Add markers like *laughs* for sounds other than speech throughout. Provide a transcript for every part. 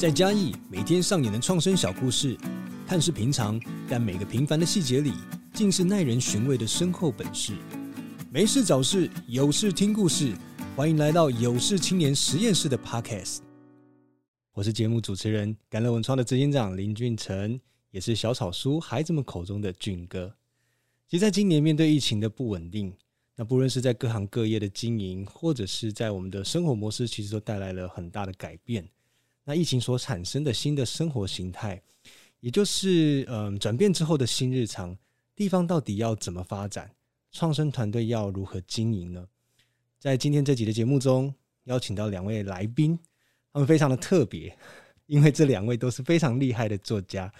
在嘉義每天上演的創生小故事，看似平常，但每個平凡的細節裡，竟是耐人尋味的深厚本事。沒事找事，有事聽故事，歡迎來到有事青年實驗室的 Podcast。我是節目主持人甘樂文創的執行長林峻丞，也是小草書孩子們口中的俊哥。其實，在今年面對疫情的不穩定，那不論是在各行各業的經營，或者是在我們的生活模式，其實都帶來了很大的改變。那疫情所產生的新的生活形態，也就是嗯、呃、轉變之後的新日常，地方到底要怎麼發展？創生團隊要如何經營呢？在今天這集的節目中，邀請到兩位來賓，他們非常的特別，因為這兩位都是非常厲害的作家。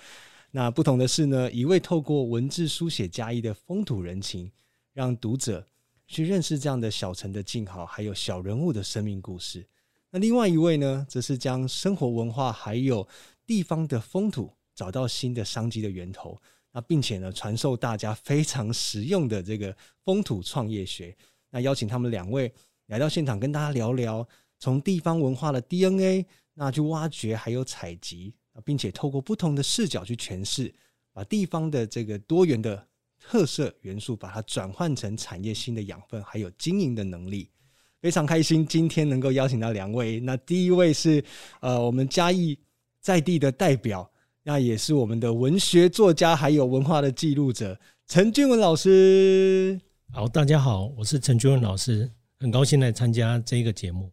那不同的是呢，一位透過文字書寫嘉義的風土人情，讓讀者去認識這樣的小城的靜好，還有小人物的生命故事。那另外一位呢，則是將生活文化還有地方的風土，找到新的商機的源頭，那並且呢，傳授大家非常實用的這個風土創業學。那邀請他們兩位來到現場，跟大家聊聊從地方文化的 DNA，那去挖掘還有採集，並且透過不同的視角去詮釋，把地方的這個多元的特色元素，把它轉換成產業新的養分，還有經營的能力。非常開心今天能夠邀請到兩位。那第一位是呃我們嘉義在地的代表，那也是我們的文學作家，還有文化的記錄者陳俊文老師。好，大家好，我是陳俊文老師，很高興來參加這一個節目。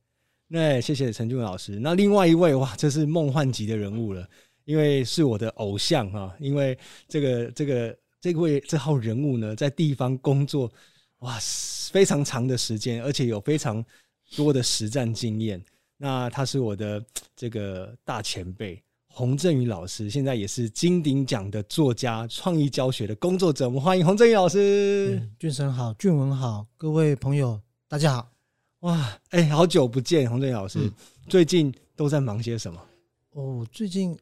那謝謝陳俊文老師。那另外一位哇，這是夢幻級的人物了，因為是我的偶像啊，因為這個這個這個、位這號人物呢，在地方工作，哇，非常長的時間，而且有非常多的實戰經驗。那他是我的這個大前輩洪震宇老師，現在也是金鼎獎的作家、創意教學的工作者。我們歡迎洪震宇老師。嗯、峻丞好，俊文好，各位朋友大家好。哇，哎、欸，好久不見，洪震宇老師、嗯，最近都在忙些什麼？哦，最近。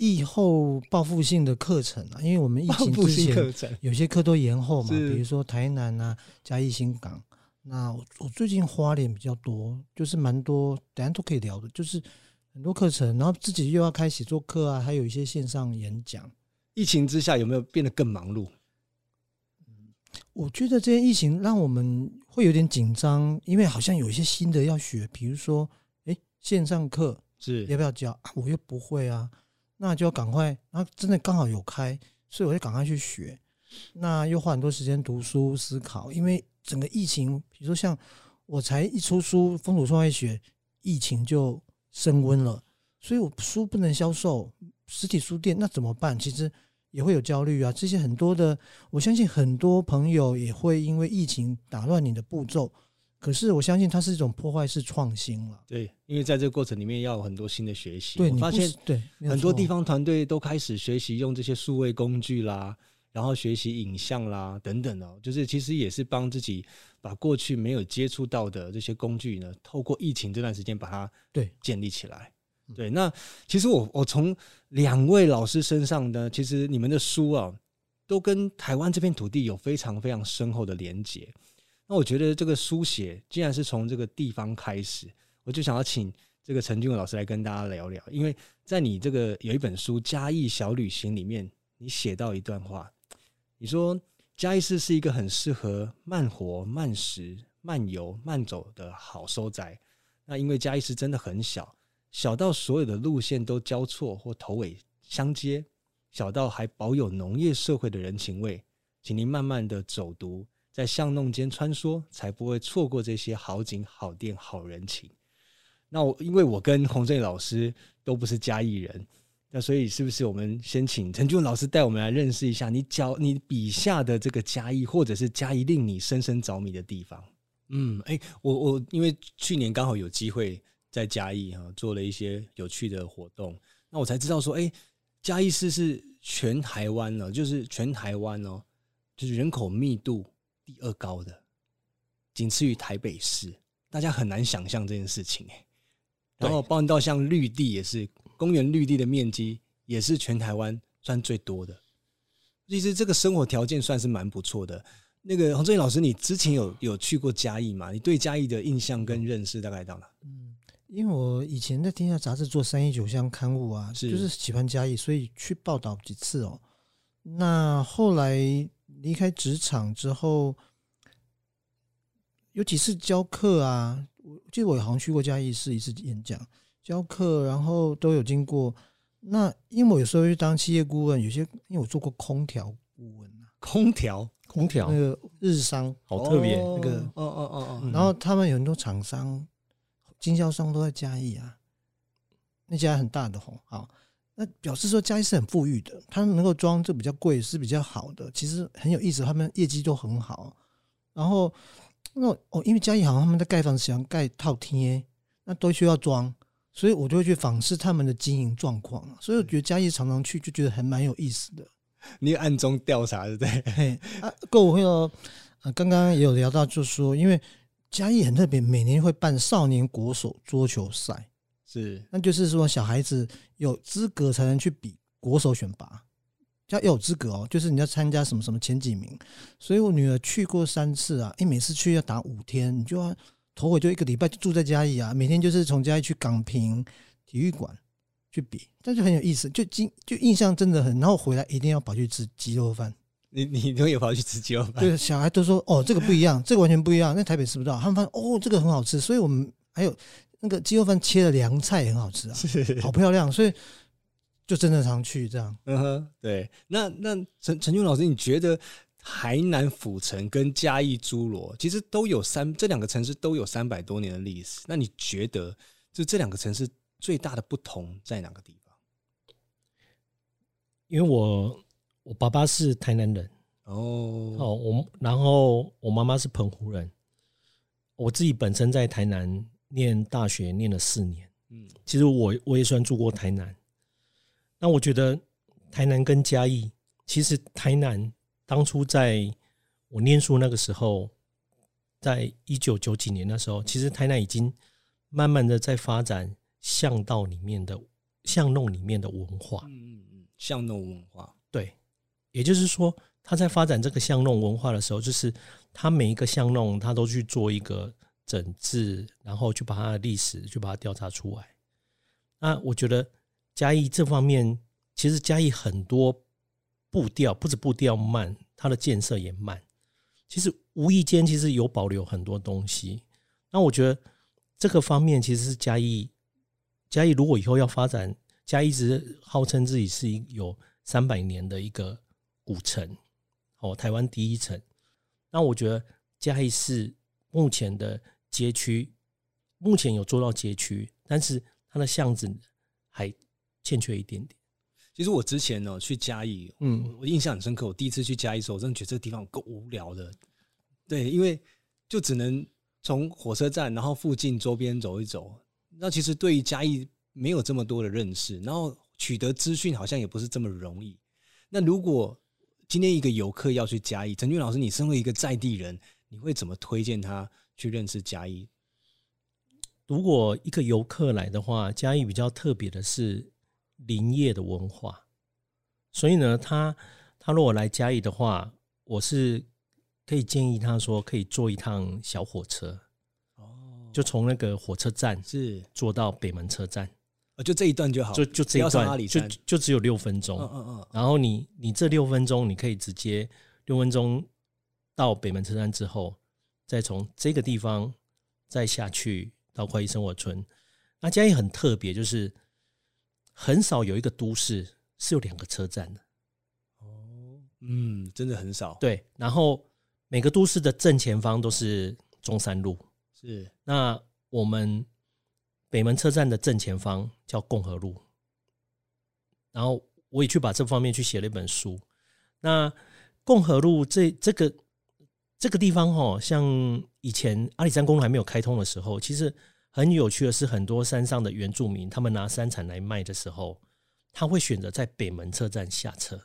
疫後報復性的課程啊，因為我們疫情之前有些課都延後嘛，比如說台南啊、嘉義、新港。那我,我最近花蓮比較多，就是蠻多，等下都可以聊的，就是很多課程，然後自己又要開寫作課啊，還有一些線上演講。疫情之下有沒有變得更忙碌？嗯，我覺得這些疫情讓我們會有點緊張，因為好像有一些新的要學，比如說，誒，線上課是要不要教啊？我又不會啊。那就要趕快，那真的剛好有開，所以我就趕快去學。那又花很多時間讀書思考，因為整個疫情，比如說像我才一出書《風土創業學》，疫情就升溫了，所以我書不能銷售，實體書店那怎麼辦？其實也會有焦慮啊。這些很多的，我相信很多朋友也會因為疫情打亂你的步驟。可是我相信它是一種破壞式創新了。對，因為在這個過程裡面要有很多新的學習，對，我發現對很多地方團隊都開始學習用這些數位工具啦，然後學習影像啦等等哦、喔，就是其實也是幫自己把過去沒有接觸到的這些工具呢，透過疫情這段時間把它對建立起來。對，對那其實我我從兩位老師身上呢，其實你們的書啊，都跟台灣這片土地有非常非常深厚的連接。那我覺得這個書寫既然是從這個地方開始，我就想要請這個陳俊文老師來跟大家聊聊，因為在你這個有一本書《嘉義小旅行》裡面，你寫到一段話，你說嘉義市是一個很適合慢活、慢食、慢遊、慢走的好收宅。那因為嘉義市真的很小，小到所有的路線都交錯或頭尾相接，小到還保有農業社會的人情味，請您慢慢地走讀。在巷弄間穿梭，才不會錯過這些好景、好店、好人情。那我，因為我跟洪震宇老師都不是嘉義人，那所以是不是我們先請陳俊老師帶我們來認識一下你腳、你筆下的這個嘉義，或者是嘉義令你深深着迷的地方？嗯，哎、欸，我我因為去年剛好有機會在嘉義哈、啊、做了一些有趣的活動，那我才知道說，哎、欸，嘉義市是全台灣了、喔，就是全台灣哦、喔，就是人口密度。第二高的，僅次於台北市，大家很難想象這件事情哎。然後包含到像綠地也是，公園綠地的面積也是全台灣算最多的。其實這個生活條件算是蠻不錯的。那個洪震宇老師，你之前有有去過嘉義嗎？你對嘉義的印象跟認識大概到哪？嗯，因為我以前在天下雜誌做三一九鄉刊物啊，是就是喜歡嘉義，所以去報道幾次哦。那後來。離開職場之後，有幾次教課啊？我記得我好像去過嘉義市一次演講、教課，然後都有經過。那因為我有時候去當企業顧問，有些因為我做過空調顧問啊，空調、空調那，那個日商，好特別那個，哦哦哦哦、嗯。然後他們有很多廠商、經銷商都在嘉義啊，那家很大的紅啊。好那表示說嘉義是很富裕的，他能夠裝就比較貴，是比較好的。其實很有意思，他們業績都很好。然後那哦，因為嘉義好像他們在蓋房子喜歡蓋套廳，那都需要裝，所以我就會去訪視他們的經營狀況。所以我覺得嘉義常常去就覺得還蠻有意思的。你有暗中調查，對不對？ *laughs* 啊，購物會哦，剛剛也有聊到就是，就說因為嘉義很特別，每年會辦少年國手桌球賽。是，那就是說小孩子有資格才能去比國手選拔，要要有資格哦、喔，就是你要參加什麼什麼前幾名。所以我女兒去過三次啊，你、欸、每次去要打五天，你就要頭尾就一個禮拜就住在嘉義啊，每天就是從嘉義去港坪體育館去比，這就很有意思，就今就印象真的很。然後回來一定要跑去吃雞肉飯，你你都有跑去吃雞肉飯，對，小孩都說哦這個不一樣，這個完全不一樣。那台北吃不到，他們發現哦這個很好吃，所以我們還有。那個雞肉飯切的涼菜很好吃啊，好漂亮，所以就真的常去這樣。嗯哼，對。那那陳陳俊老師，你覺得台南府城跟嘉義諸羅其實都有三這兩個城市都有三百多年的歷史，那你覺得就這兩個城市最大的不同在哪個地方？因為我我爸爸是台南人，然後哦，我然後我媽媽是澎湖人，我自己本身在台南，念大學念了四年，嗯，其實我我也算住過台南，那我覺得台南跟嘉義，其實台南當初在我念書那個時候，在一九九幾年的時候，其實台南已經慢慢的在發展巷道裡面的巷弄裡面的文化，嗯嗯，巷弄文化，對，也就是說他在發展這個巷弄文化的時候，就是他每一個巷弄他都去做一個。整治，然後就把它的歷史，就把它調查出來。那我覺得嘉義這方面，其實嘉義很多步調不止步調慢，它的建設也慢。其實無意間，其實有保留很多東西。那我覺得這個方面其實是嘉義。嘉義如果以後要發展，嘉義一直號稱自己是一有三百年的一個古城，哦，台灣第一城。那我覺得嘉義是目前的。街區目前有做到街區，但是它的巷子，還欠缺一點點。其實我之前呢去嘉義，嗯，我印象很深刻。我第一次去嘉義的時候，我真的覺得這個地方夠無聊的。對，因為就只能從火車站，然後附近周邊走一走。那其實對於嘉義沒有這麼多的認識，然後取得資訊好像也不是這麼容易。那如果今天一個遊客要去嘉義，陳俊老師，你身為一個在地人，你會怎麼推薦他？去認識嘉義。如果一個遊客來的話，嘉義比較特別的是林業的文化，所以呢，他他如果來嘉義的話，我是可以建議他說，可以坐一趟小火車，哦，就從那個火車站是坐到北門車站，哦，就這一段就好，就就這一段就，就就只有六分鐘，嗯嗯嗯，然後你你這六分鐘你可以直接六分鐘到北門車站之後。再從這個地方再下去到檜意森活村，那嘉義也很特別，就是很少有一個都市是有兩個車站的。哦，嗯，真的很少。對，然後每個都市的正前方都是中山路。是，那我們北門車站的正前方叫共和路，然後我也去把這方面去寫了一本書。那共和路這這個。這個地方哈、哦，像以前阿里山公路還沒有開通的時候，其實很有趣的是，很多山上的原住民，他們拿山產來賣的時候，他會選擇在北門車站下車，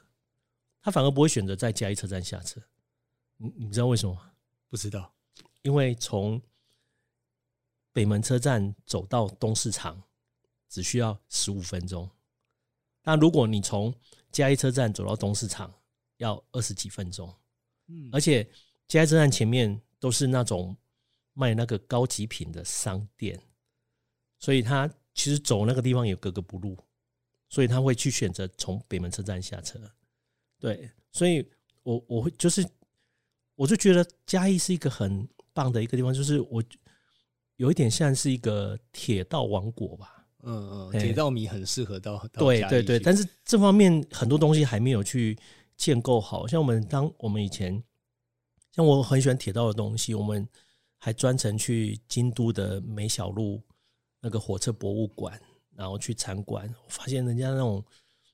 他反而不會選擇在嘉義車站下車。你你知道為什麼嗎？不知道，因為從北門車站走到東市場只需要十五分鐘，那如果你從嘉義車站走到東市場要二十幾分鐘。嗯、而且。加一車站前面都是那種賣那個高級品的商店，所以他其實走那個地方也格格不入，所以他會去選擇從北門車站下車。嗯。對，所以我，我我會就是，我就覺得嘉義是一個很棒的一個地方，就是我有一點像是一個鐵道王國吧。嗯。嗯嗯，鐵道迷很適合到，到對對對，但是這方面很多東西還沒有去建構好，像我們當我們以前。像我很喜歡鐵道的東西，我們還專程去京都的梅小路那個火車博物館，然後去參觀。我發現人家那種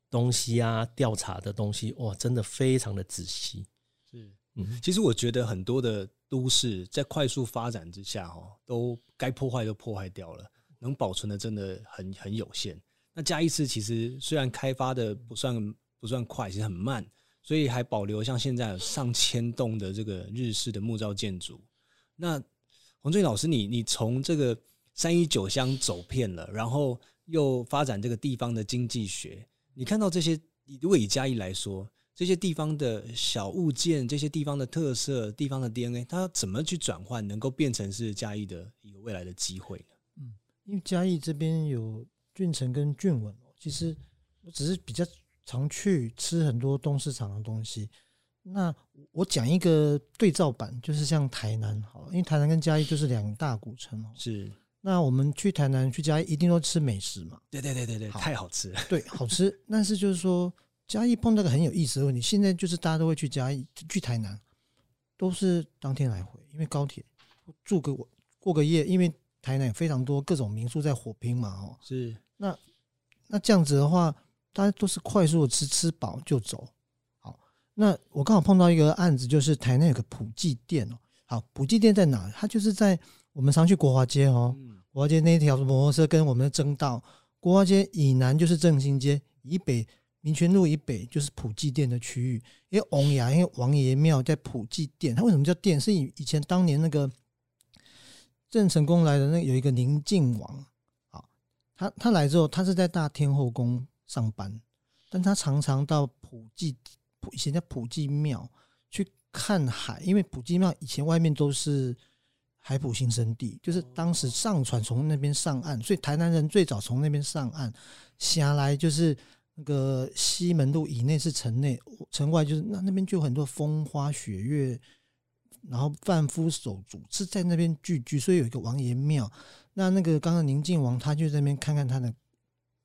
東西啊，調查的東西，哇，真的非常的仔細。是，嗯，其實我覺得很多的都市在快速發展之下，哦，都該破壞都破壞掉了，能保存的真的很很有限。那嘉義市，其實雖然開發的不算不算快，其實很慢。所以還保留像現在上千棟的這個日式的木造建築。那洪震宇老師，你你從這個三一九鄉走遍了，然後又發展這個地方的經濟學，你看到這些因為以嘉義來說，這些地方的小物件，這些地方的特色，地方的 DNA，它怎麼去轉換，能夠變成是嘉義的一個未來的機會呢？嗯，因為嘉義這邊有俊成跟俊文，其實我只是比較。常去吃很多東市場的東西。那我講一個對照版，就是像台南好了，因為台南跟嘉義就是兩大古城哦。是。那我們去台南去嘉義一定都吃美食嘛？對對對對對，太好吃了。對，好吃。 *laughs* 但是就是說，嘉義碰到個很有意思的問題，現在就是大家都會去嘉義去台南，都是當天來回，因為高鐵住個過，過個夜，因為台南有非常多各種民宿在火拼嘛。哦，是。那那這樣子的話。大家都是快速的吃吃飽就走。好，那我剛好碰到一個案子，就是台南有個普濟殿哦、喔。好，普濟殿在哪？它就是在我們常去國華街哦、喔，國華街那條摩托車跟我們的爭道，國華街以南就是正興街，以北民權路以北就是普濟殿的區域因。因為王爺，因為王爺廟在普濟殿，它為什麼叫殿？是以前當年那個鄭成功來的那個有一個寧靖王啊，他他來之後，他是在大天後宮。上班，但他常常到普濟，以前叫普濟廟去看海，因為普濟廟以前外面都是海埔新生地，就是當時上船從那邊上岸，所以台南人最早從那邊上岸下來，就是那個西門路以內是城內，城外就是那那邊就有很多風花雪月，然後販夫手足是在那邊聚居，所以有一個王爺廟。那那個剛剛寧靖王，他去那邊看看他的。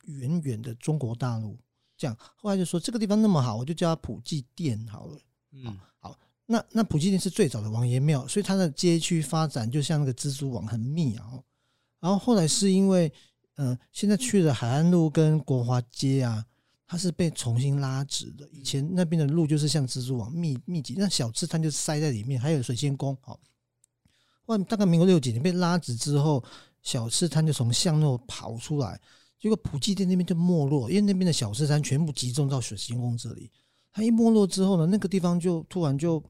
遠遠的中國大陸，這樣後來就說這個地方那麼好，我就叫它普濟殿好了。嗯，好，那那普濟殿是最早的王爺廟，所以它的街區發展就像那個蜘蛛網很密啊。然後後來是因為，嗯、呃，現在去的海安路跟國華街啊，它是被重新拉直的。以前那邊的路就是像蜘蛛網密密集，那小吃攤就塞在裡面。還有水仙宮，哦，後來大概民國六幾年被拉直之後，小吃攤就從巷弄跑出來。一個普濟殿那邊就沒落，因為那邊的小吃攤全部集中到水仙宮這裡。它一沒落之後呢，那個地方就突然就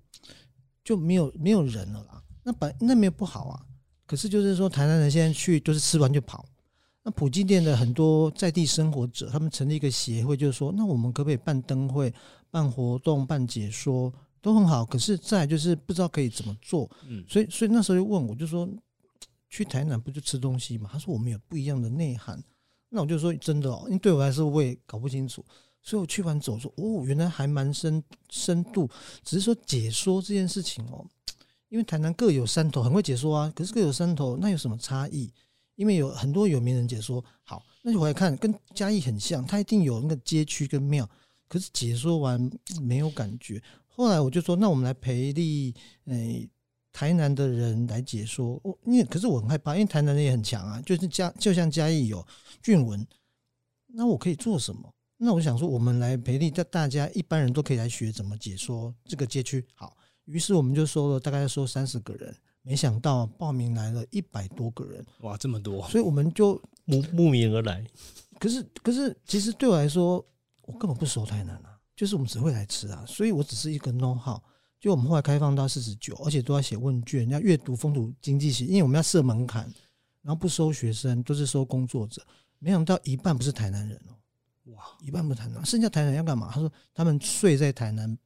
就沒有沒有人了啦。那本那沒有不好啊，可是就是說，台南人現在去就是吃完就跑。那普濟殿的很多在地生活者，他們成立一個協會，就是說，那我們可不可以辦燈會、辦活動、辦解說都很好。可是在就是不知道可以怎麼做。嗯，所以所以那時候就問我就說，去台南不就吃東西嗎？他說我們有不一樣的內涵。那我就說真的哦、喔，因為對我來說我也搞不清楚，所以我去完走說哦，原來還蠻深深度，只是說解說這件事情哦、喔，因為台南各有山頭，很會解說啊，可是各有山頭，那有什麼差異？因為有很多有名人解說，好，那就回來看跟嘉義很像，它一定有那個街區跟廟，可是解說完沒有感覺。後來我就說，那我們來培力。誒、欸。台南的人來解說，我因為可是我很害怕，因為台南人也很強啊，就是嘉就像嘉義有俊文，那我可以做什麼？那我想說，我們來培力大大家一般人都可以來學怎麼解說這個街區。好，於是我們就收了，大概要收三十個人，沒想到報名來了一百多個人，哇，這麼多！所以我們就慕慕名而來。可是可是，其實對我來說，我根本不熟台南啊，就是我們只會來吃啊，所以我只是一個 know-how。就我們後來開放到四十九，而且都要寫問卷，要閱讀風土經濟學，因為我們要設門檻，然後不收學生，都是收工作者。沒想到一半不是台南人哦，哇，一半不是台南，剩下台南人要幹嘛？他說他們睡在台南，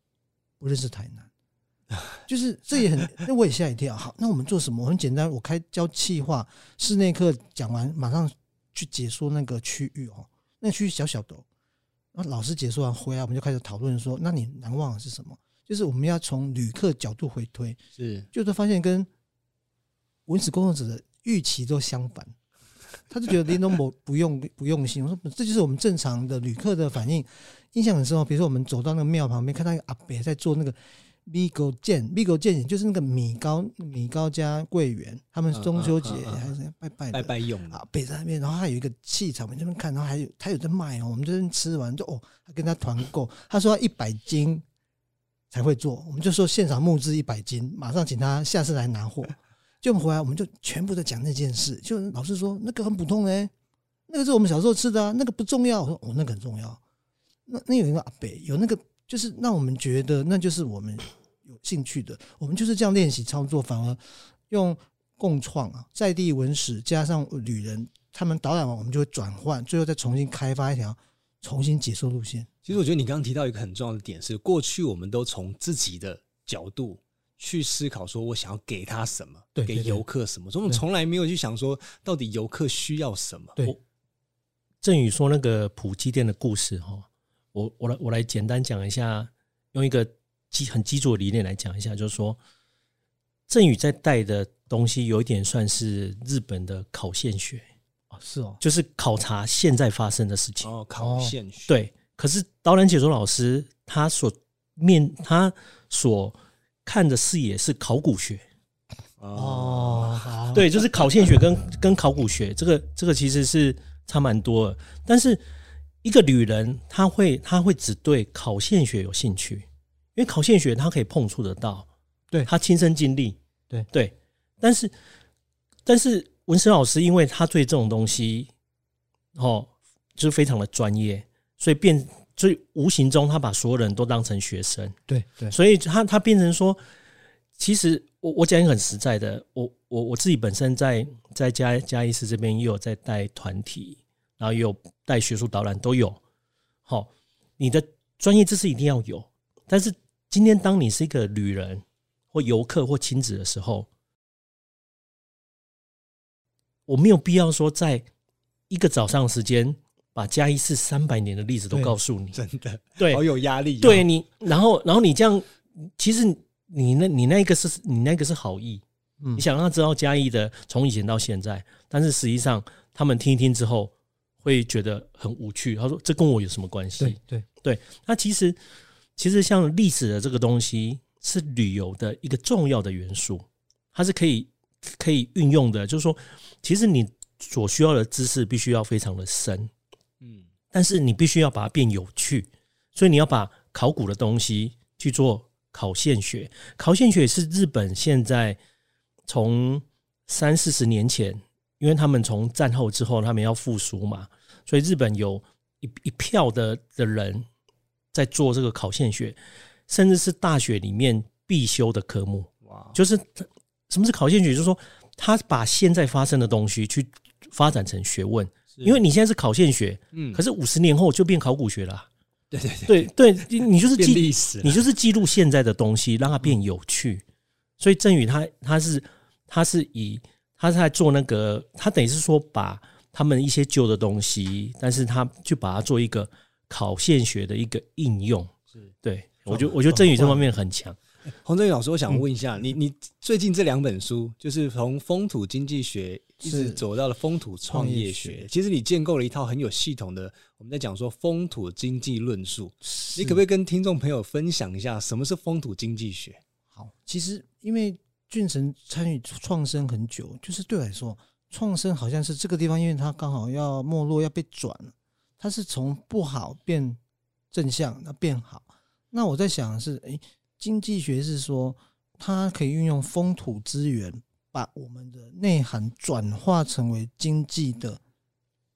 不認識台南，就是這也很，那我也嚇一跳。好，那我們做什麼？很簡單，我開教氣話，室內課講完，馬上去解說那個區域哦、喔，那區域小小的。那老師解說完回來，我們就開始討論說，那你難忘的是什麼？就是我們要從旅客角度回推，是，就是發現跟文史工作者的預期都相反， *laughs* 他就覺得林東伯不用不用心。我說這就是我們正常的旅客的反應，印象很深哦。比如說我們走到那個廟旁邊，看到那個阿伯在做那個米糕餞，米糕餞就是那個米糕，米糕加桂圓，他們中秋節還是拜拜啊、啊、啊、啊拜拜用啊，阿伯在那邊。然後還有一個氣場，我們這邊看，然後還有他有在賣哦。我們這邊吃完就哦，他跟他團購，他說一百斤。 *laughs* 才會做，我們就說現場募資一百斤，馬上請他下次來拿貨。就回來，我們就全部在講那件事。就老師說那個很普通哎、欸，那個是我們小時候吃的啊，那個不重要。我說我、哦、那個很重要。那那有一個阿北，有那個就是讓我們覺得那就是我們有興趣的。我們就是這樣練習操作，反而用共創啊，在地文史加上旅人他們導覽完，我們就會轉換，最後再重新開發一條。重新解說路線。其實我覺得你剛剛提到一個很重要的點是，過去我們都從自己的角度去思考，說我想要給他什麼，對，給遊客什麼，所以我們從來沒有去想說，到底遊客需要什麼。對對，震宇說那個普濟殿的故事哈，我我來我來簡單講一下，用一個基很基礎的理念來講一下，就是說，震宇在帶的東西有一點算是日本的考現學。是哦，就是考察現在發生的事情哦。考現學，對，可是導覽解說老師他所面他所看的視野是考古學哦，哦，對，就是考現學跟、嗯、跟考古學這個這個其實是差蠻多的。但是一個旅人她會她會只對考現學有興趣，因為考現學她可以碰觸得到，對，她親身經歷，對對，但是但是。文生老師，因為他對這種東西，哦，就是非常的專業，所以變，所以無形中他把所有人都當成學生，對對，所以他他變成說，其實我我講一個很實在的，我我我自己本身在在嘉嘉義市這邊也有在帶團體，然後也有帶學術導覽都有，好、哦，你的專業知識一定要有，但是今天當你是一個旅人或遊客或親子的時候。我沒有必要說，在一個早上的時間把嘉義市三百年的歷史都告訴你，真的對，好有壓力對。對你，然後，然後你這樣，其實你那，你那個是你那個是好意，嗯，你想讓他知道嘉義的從以前到現在，但是實際上他們聽一聽之後會覺得很無趣。他說：“這跟我有什麼關係？”對對對。那其實其實像歷史的這個東西是旅遊的一個重要的元素，它是可以。可以運用的，就是說，其實你所需要的知識必須要非常的深，嗯，但是你必須要把它變有趣，所以你要把考古的東西去做考現學。考現學是日本現在從三四十年前，因為他們從戰後之後，他們要復甦嘛，所以日本有一一票的的人在做這個考現學，甚至是大學裡面必修的科目，就是。什麼是考現學？就是說，他把現在發生的東西去發展成學問。因為你現在是考現學，嗯，可是五十年後就變考古學了啊。對對對，對你就是記，你就是記錄現在的東西，讓它變有趣。嗯，所以鄭宇他他是他是以他是在做那個，他等於是說把他們一些舊的東西，但是他就把它做一個考現學的一個應用。對，我覺得我覺得鄭宇這方面很強。洪震宇老師，我想問一下，嗯、你你最近這兩本書，就是從《風土經濟學》一直走到了《風土創業學》業學，其實你建構了一套很有系統的。我們在講說《風土經濟論述》，你可不可以跟聽眾朋友分享一下什麼是《風土經濟學》？好，其實因為俊成參與創生很久，就是對我來說，創生好像是這個地方，因為它剛好要沒落，要被轉，它是從不好變正向，那變好。那我在想的是，誒、欸。經濟學是說，它可以運用風土資源，把我們的內涵轉化成為經濟的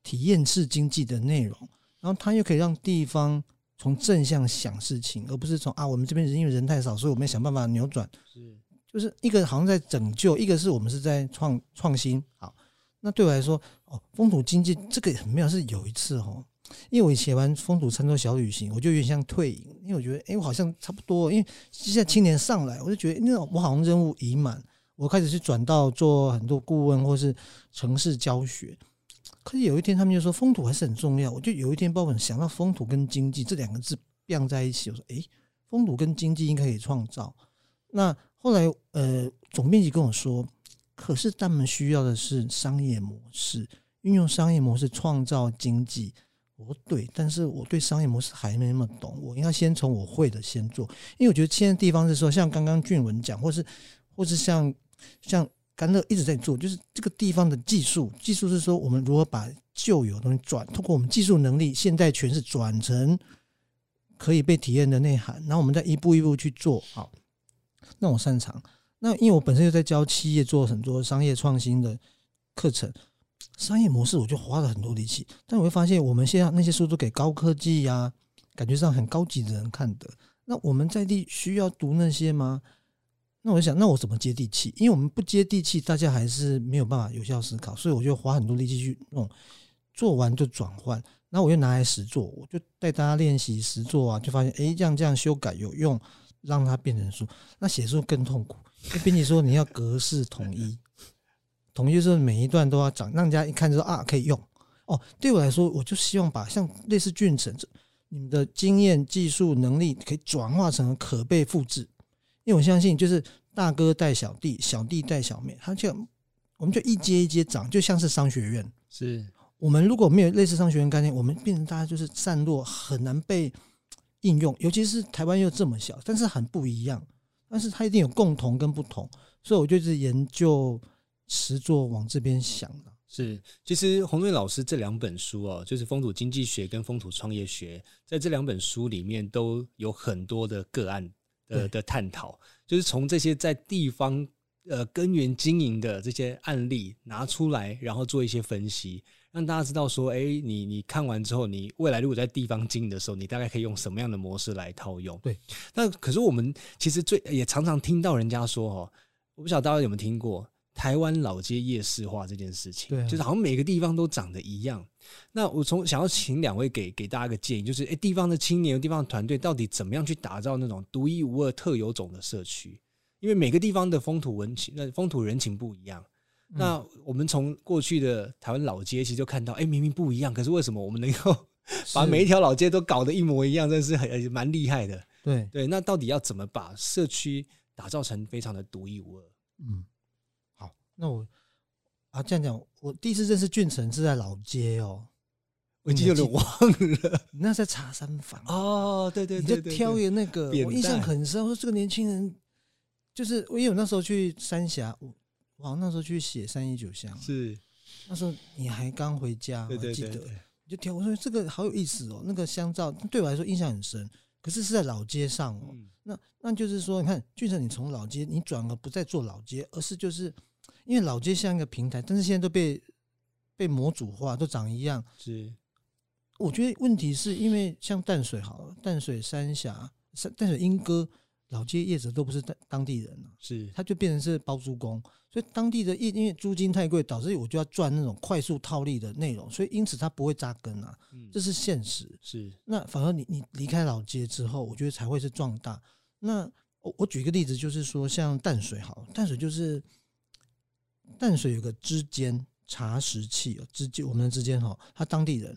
體驗式經濟的內容，然後它又可以讓地方從正向想事情，而不是從啊，我們這邊人因為人太少，所以我們要想辦法扭轉，是，就是一個好像在拯救，一個是我們是在創創新。好，那對我來說，哦，風土經濟這個也很妙，是有一次哦。因為我寫完《風土餐桌小旅行》，我就有點像退隱，因為我覺得，哎、欸，我好像差不多。因為現在青年上來，我就覺得，那種我好像任務已滿。我開始去轉到做很多顧問，或是城市教學。可是有一天，他們就說風土還是很重要。我就有一天，包括想到風土跟經濟這兩個字併在一起，我說，哎、欸，風土跟經濟應該可以創造。那後來，呃，總編輯跟我說，可是他們需要的是商業模式，運用商業模式創造經濟。我說對，但是我對商業模式還沒那麼懂，我應該先從我會的先做，因為我覺得現在地方是說，像剛剛俊文講，或是或是像像甘樂一直在做，就是這個地方的技術，技術是說我們如何把舊有的東西轉，透過我們技術能力，現在全是轉成可以被體驗的內涵，然後我們再一步一步去做。好，那我擅長，那因為我本身又在教企業做很多商業創新的課程。商業模式，我就花了很多力氣，但我會發現我們現在那些書都給高科技呀、啊，感覺上很高級的人看的。那我們在地需要讀那些嗎？那我就想，那我怎麼接地氣？因為我們不接地氣，大家還是沒有辦法有效思考。所以我就花很多力氣去弄，做完就轉換，那我就拿來實做，我就帶大家練習實做啊，就發現哎、欸，這樣這樣修改有用，讓它變成書。那寫書更痛苦，因為編輯說你要格式統一。 *laughs* 統一是每一段都要長，讓人家一看就說，啊，可以用哦。對我來說，我就希望把像類似峻丞，你們的經驗、技術能力可以轉化成可被複製。因為我相信，就是大哥帶小弟，小弟帶小妹，他就我們就一階一階長，就像是商學院。是我們如果沒有類似商學院概念，我們變成大家就是散落，很難被應用。尤其是台灣又這麼小，但是很不一樣，但是它一定有共同跟不同，所以我就是研究。詞作往這邊想是。其實洪震宇老師這兩本書哦、喔，就是《風土經濟學》跟《風土創業學》，在這兩本書裡面都有很多的個案的、呃、的探討，就是從這些在地方呃根源經營的這些案例拿出來，然後做一些分析，讓大家知道說，哎、欸，你你看完之後，你未來如果在地方經營的時候，你大概可以用什麼樣的模式來套用？對。那可是我們其實最也常常聽到人家說、喔，哦，我不曉得大家有沒有聽過。台灣老街夜市化這件事情對、啊，就是好像每個地方都長得一樣。那我從想要請兩位給給大家一個建議，就是哎、欸，地方的青年、地方的團隊到底怎麼樣去打造那種獨一無二、特有種的社區？因為每個地方的風土文情、那風土人情不一樣。嗯、那我們從過去的台灣老街其實就看到，哎、欸，明明不一樣，可是為什麼我們能夠把每一條老街都搞得一模一樣？是真是很蠻厲害的。對對，那到底要怎麼把社區打造成非常的獨一無二？嗯。那我啊，這樣講，我第一次認識峻丞是在老街哦、喔，我已經有點忘了。那是在茶山房、啊、哦，對對對，就挑一個那個，我印象很深。我說這個年輕人，就是我也有那時候去三峽，我哇，我好像那時候去寫三一九鄉，是那時候你還剛回家，我記得，對對對對，你就挑，我說這個好有意思哦、喔，那個香皂對我來說印象很深。可是是在老街上哦、喔，嗯，那那就是說，你看峻丞，你從老街，你轉而不再做老街，而是就是。因為老街像一個平台，但是現在都被被模組化，都長一樣。是，我覺得問題是因為像淡水好了，淡水三峽、淡水鶯歌老街業者，都不是當地人了，是，他就變成是包租公，所以當地的業，因為租金太貴，導致我就要賺那種快速套利的內容，所以因此它不會紮根啊，這是現實。嗯，是，那反而你你離開老街之後，我覺得才會是壯大。那我我舉一個例子，就是說像淡水好了，淡水就是。淡水有個之間茶食器，之間我們之間吼，他當地人，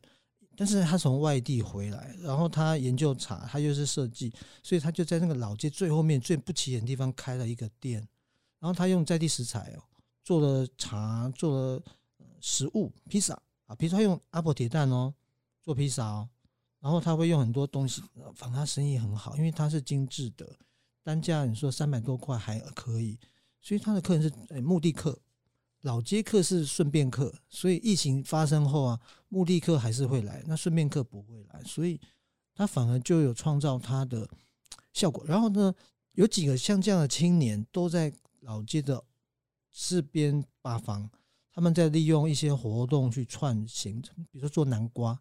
但是他從外地回來，然後他研究茶，他又是設計，所以他就在那個老街最後面最不起眼的地方開了一個店，然後他用在地食材哦，做了茶，做了食物披薩啊，比如說他用阿婆鐵蛋哦，做披薩哦，然後他會用很多東西，反正他生意很好，因為他是精緻的，單價你說三百多塊還可以，所以他的客人是誒、哎、目的客。老街客是順便客，所以疫情發生後啊，目的客還是會來，那順便客不會來，所以他反而就有創造他的效果。然後呢，有幾個像這樣的青年都在老街的四邊八方，他們在利用一些活動去串行，比如說做南瓜，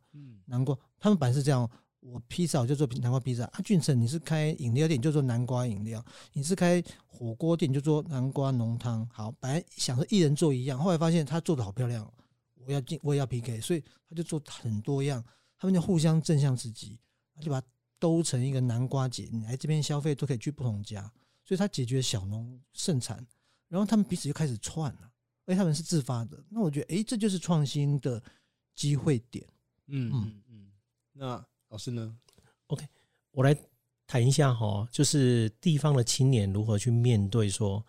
南瓜，他們本來是這樣。我披薩就做南瓜披薩，阿俊城你是開飲料店，你就做南瓜飲料；你是開火鍋店，你就做南瓜濃湯。好，本來想說一人做一樣，後來發現他做的好漂亮，我要進，我也要 PK，所以他就做很多樣，他們就互相正向刺激，他就把兜成一個南瓜節，你來這邊消費都可以去不同家，所以他解決小農盛產，然後他們彼此就開始串了，啊，而、哎、而且他們是自發的，那我覺得哎，這就是創新的機會點，嗯嗯嗯，那。老師呢？OK，我來談一下哈，就是地方的青年如何去面對說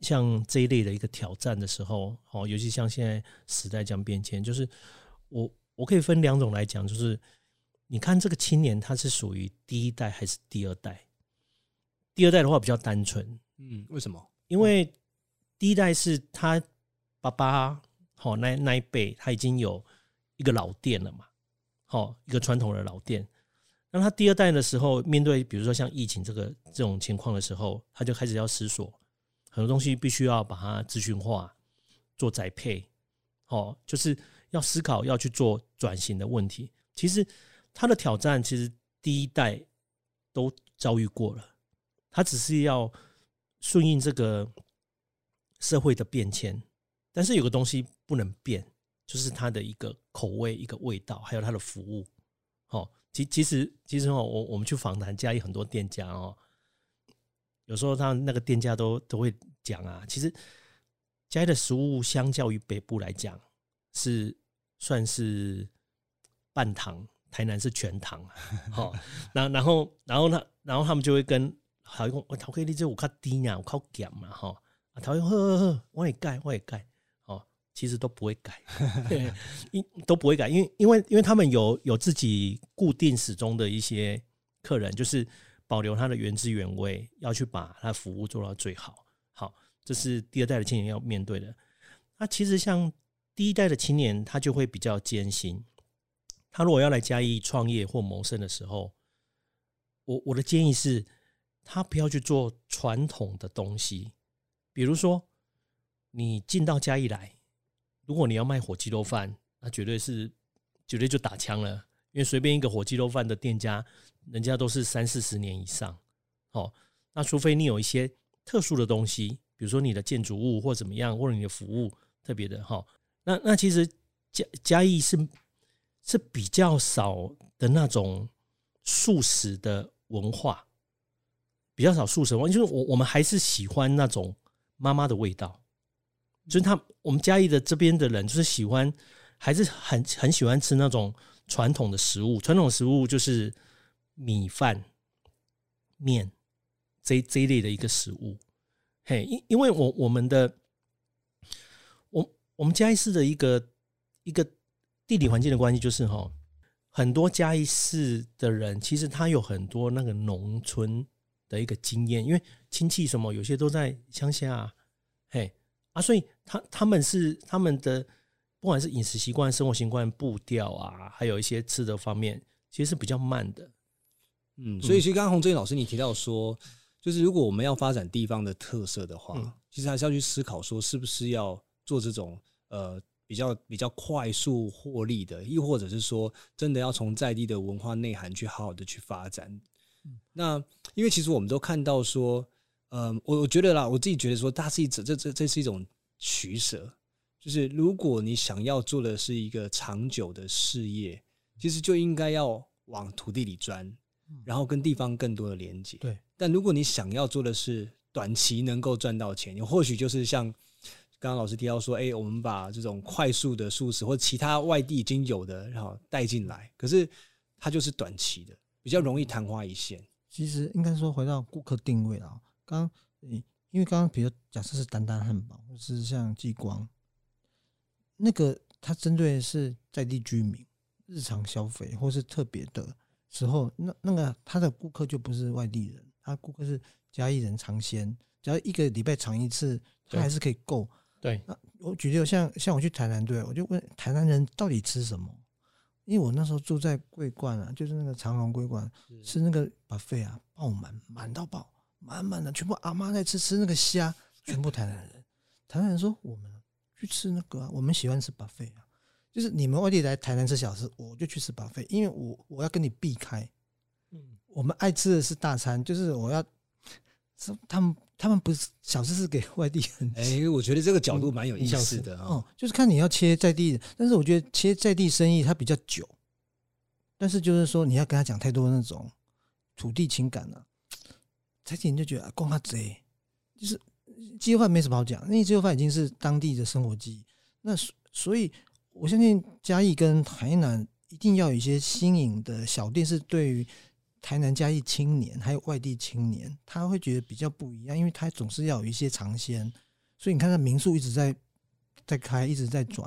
像這一類的一個挑戰的時候，哦，尤其像現在時代這樣變遷，就是我我可以分兩種來講，就是你看這個青年他是屬於第一代還是第二代？第二代的話比較單純，嗯，為什麼？因為第一代是他爸爸，好，那那一輩他已經有一個老店了嘛。好，一個傳統的老店。那他第二代的時候，面對比如說像疫情這個這種情況的時候，他就開始要思索很多東西，必須要把它資訊化、做宅配。好，就是要思考要去做轉型的問題。其實他的挑戰，其實第一代都遭遇過了，他只是要順應這個社會的變遷，但是有個東西不能變。就是它的一個口味、一個味道，還有它的服務。哦，其其實其實哦，我我們去訪談嘉義很多店家哦，有時候他那個店家都都會講啊，其實嘉義的食物相較於北部來講是算是半糖，台南是全糖。好，那然後然後呢，然後他們就會跟，頭公我頭可以荔枝我靠低呀，我靠鹹嘛哈，啊頭公、啊、呵，呵呵，喝，我也蓋我也蓋。其實都不會改，因都不會改，因為因為因為他們有有自己固定死忠的一些客人，就是保留他的原汁原味，要去把他的服務做到最好。好，這是第二代的青年要面對的。那、啊、其實像第一代的青年，他就會比較艱辛。他如果要來嘉義創業或謀生的時候，我我的建議是，他不要去做傳統的東西，比如說你進到嘉義來。如果你要賣火雞肉飯，那絕對是絕對就打槍了，因為隨便一個火雞肉飯的店家，人家都是三四十年以上。哦，那除非你有一些特殊的東西，比如說你的建築物或怎麼樣，或者你的服務特別的哈、哦。那那其實嘉嘉義是是比較少的那種素食的文化，比較少素食文化，就是我我們還是喜歡那種媽媽的味道。所以他，我們嘉義的這邊的人，就是喜歡，還是很很喜歡吃那種傳統的食物。傳統的食物就是米飯、麵這一這一類的一個食物。嘿，因因為我我們的我我們嘉義市的一個一個地理環境的關係，就是哈，很多嘉義市的人其實他有很多那個農村的一個經驗，因為親戚什麼有些都在鄉下，嘿。啊，所以他他們是他們的，不管是飲食習慣、生活習慣、步調啊，還有一些吃的方面，其實是比較慢的。嗯，所以其實剛剛洪震宇老師你提到說，就是如果我們要發展地方的特色的話，嗯、其實還是要去思考說，是不是要做這種呃比較比較快速獲利的，亦或者是說真的要從在地的文化內涵去好好的去發展。嗯、那因為其實我們都看到說。嗯，我我覺得啦，我自己覺得說大，它是一這這這是一種取捨，就是如果你想要做的是一個長久的事業，其實就應該要往土地裡鑽，然後跟地方更多的連接。對，但如果你想要做的是短期能夠賺到錢，你或許就是像剛剛老師提到說，哎、欸，我們把這種快速的速食或其他外地已經有的然後帶進來，可是它就是短期的，比較容易曇花一現。其實應該說，回到顧客定位啊。剛，因為剛剛，比如，假設是丹丹漢堡，或是像濟光，那個他針對的是在地居民日常消費，或是特別的時候，那那個他的顧客就不是外地人，他顧客是嘉義人嘗鮮，只要一個禮拜嘗一次，他還是可以夠。對，對，那我舉例像，像像我去台南對、啊，對我就問台南人到底吃什麼，因為我那時候住在桂冠啊，就是那個長榮桂冠是，吃那個 buffet 啊，爆滿滿到爆。滿滿的，全部阿媽在吃吃那個蝦，全部台南人。 *laughs* 台南人說：“我們去吃那個、啊，我們喜歡吃 buffet 啊，就是你們外地來台南吃小吃，我就去吃 buffet，因為我我要跟你避開、嗯。我們愛吃的是大餐，就是我要他們他們不是小吃，是給外地人。哎、欸，我覺得這個角度蠻有意思的哦、嗯嗯，就是看你要切在地人，但是我覺得切在地生意它比較久，但是就是說你要跟他講太多那種土地情感了、啊。”才幾年就覺得啊，光阿賊，就是雞肉飯沒什麼好講，因為雞肉飯已經是當地的生活記憶。那所以我相信嘉義跟台南一定要有一些新穎的小店，是對於台南嘉義青年還有外地青年，他會覺得比較不一樣，因為他總是要有一些嘗鮮。所以你看看民宿一直在在開，一直在轉，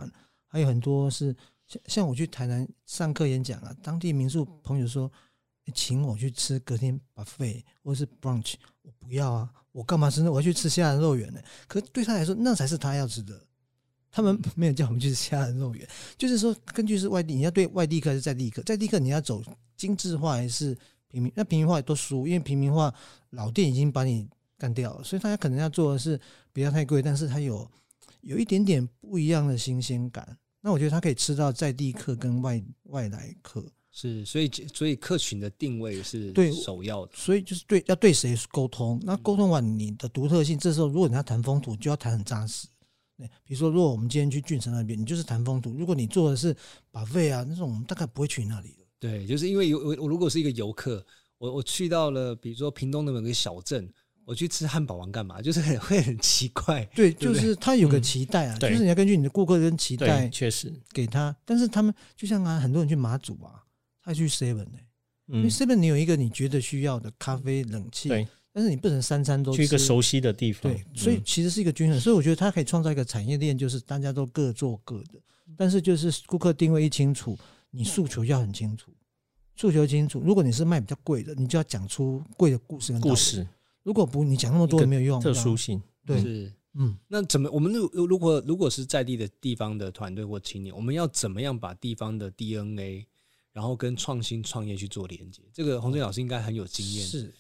還有很多是像像我去台南上課演講啊，當地民宿朋友說。請我去吃隔天 buffet 或是 brunch，我不要啊！我幹嘛，真的我要去吃蝦仁肉圓呢。可是對他來說，那才是他要吃的。他們沒有叫我們去吃蝦仁肉圓，就是說，根據是外地，你要對外地客還是在地客，在地客你要走精致化還是平民？那平民化也都輸，因為平民化老店已經把你幹掉了，所以大家可能要做的是不要太貴，但是他有有一點點不一樣的新鮮感。那我覺得他可以吃到在地客跟外外來客。是，所以所以客群的定位是首要的，所以就是對要對誰溝通。那溝通完你的獨特性，這時候如果你要談風土，就要談很扎實。比如說，如果我們今天去峻丞那邊，你就是談風土。如果你做的是 buffet 啊、那種，我們大概不會去你那裡。對，就是因為有我，我如果是一個遊客，我我去到了，比如說屏東那麼個小鎮，我去吃漢堡王幹嘛？就是會很奇怪。對，對對就是他有個期待啊、嗯，就是你要根據你的顧客跟期待，確實給他。但是他們就像啊，很多人去馬祖啊。再去 seven 呢？因為 seven 你有一個你覺得需要的咖啡冷氣，但是你不能三餐都去一個熟悉的地方，對，嗯、所以其實是一個均衡。所以我覺得它可以創造一個產業鏈，就是大家都各做各的，嗯、但是就是顧客定位一清楚，你訴求要很清楚，訴、嗯、求清楚。如果你是賣比較貴的，你就要講出貴的故事跟故事。如果不你講那麼多也沒有用，特殊性對是嗯，嗯。那怎麼？我們如如果如果是在地的地方的團隊或青年，我們要怎麼樣把地方的 DNA？然後跟創新創業去做連接，這個洪震老師應該很有經驗、哦。是，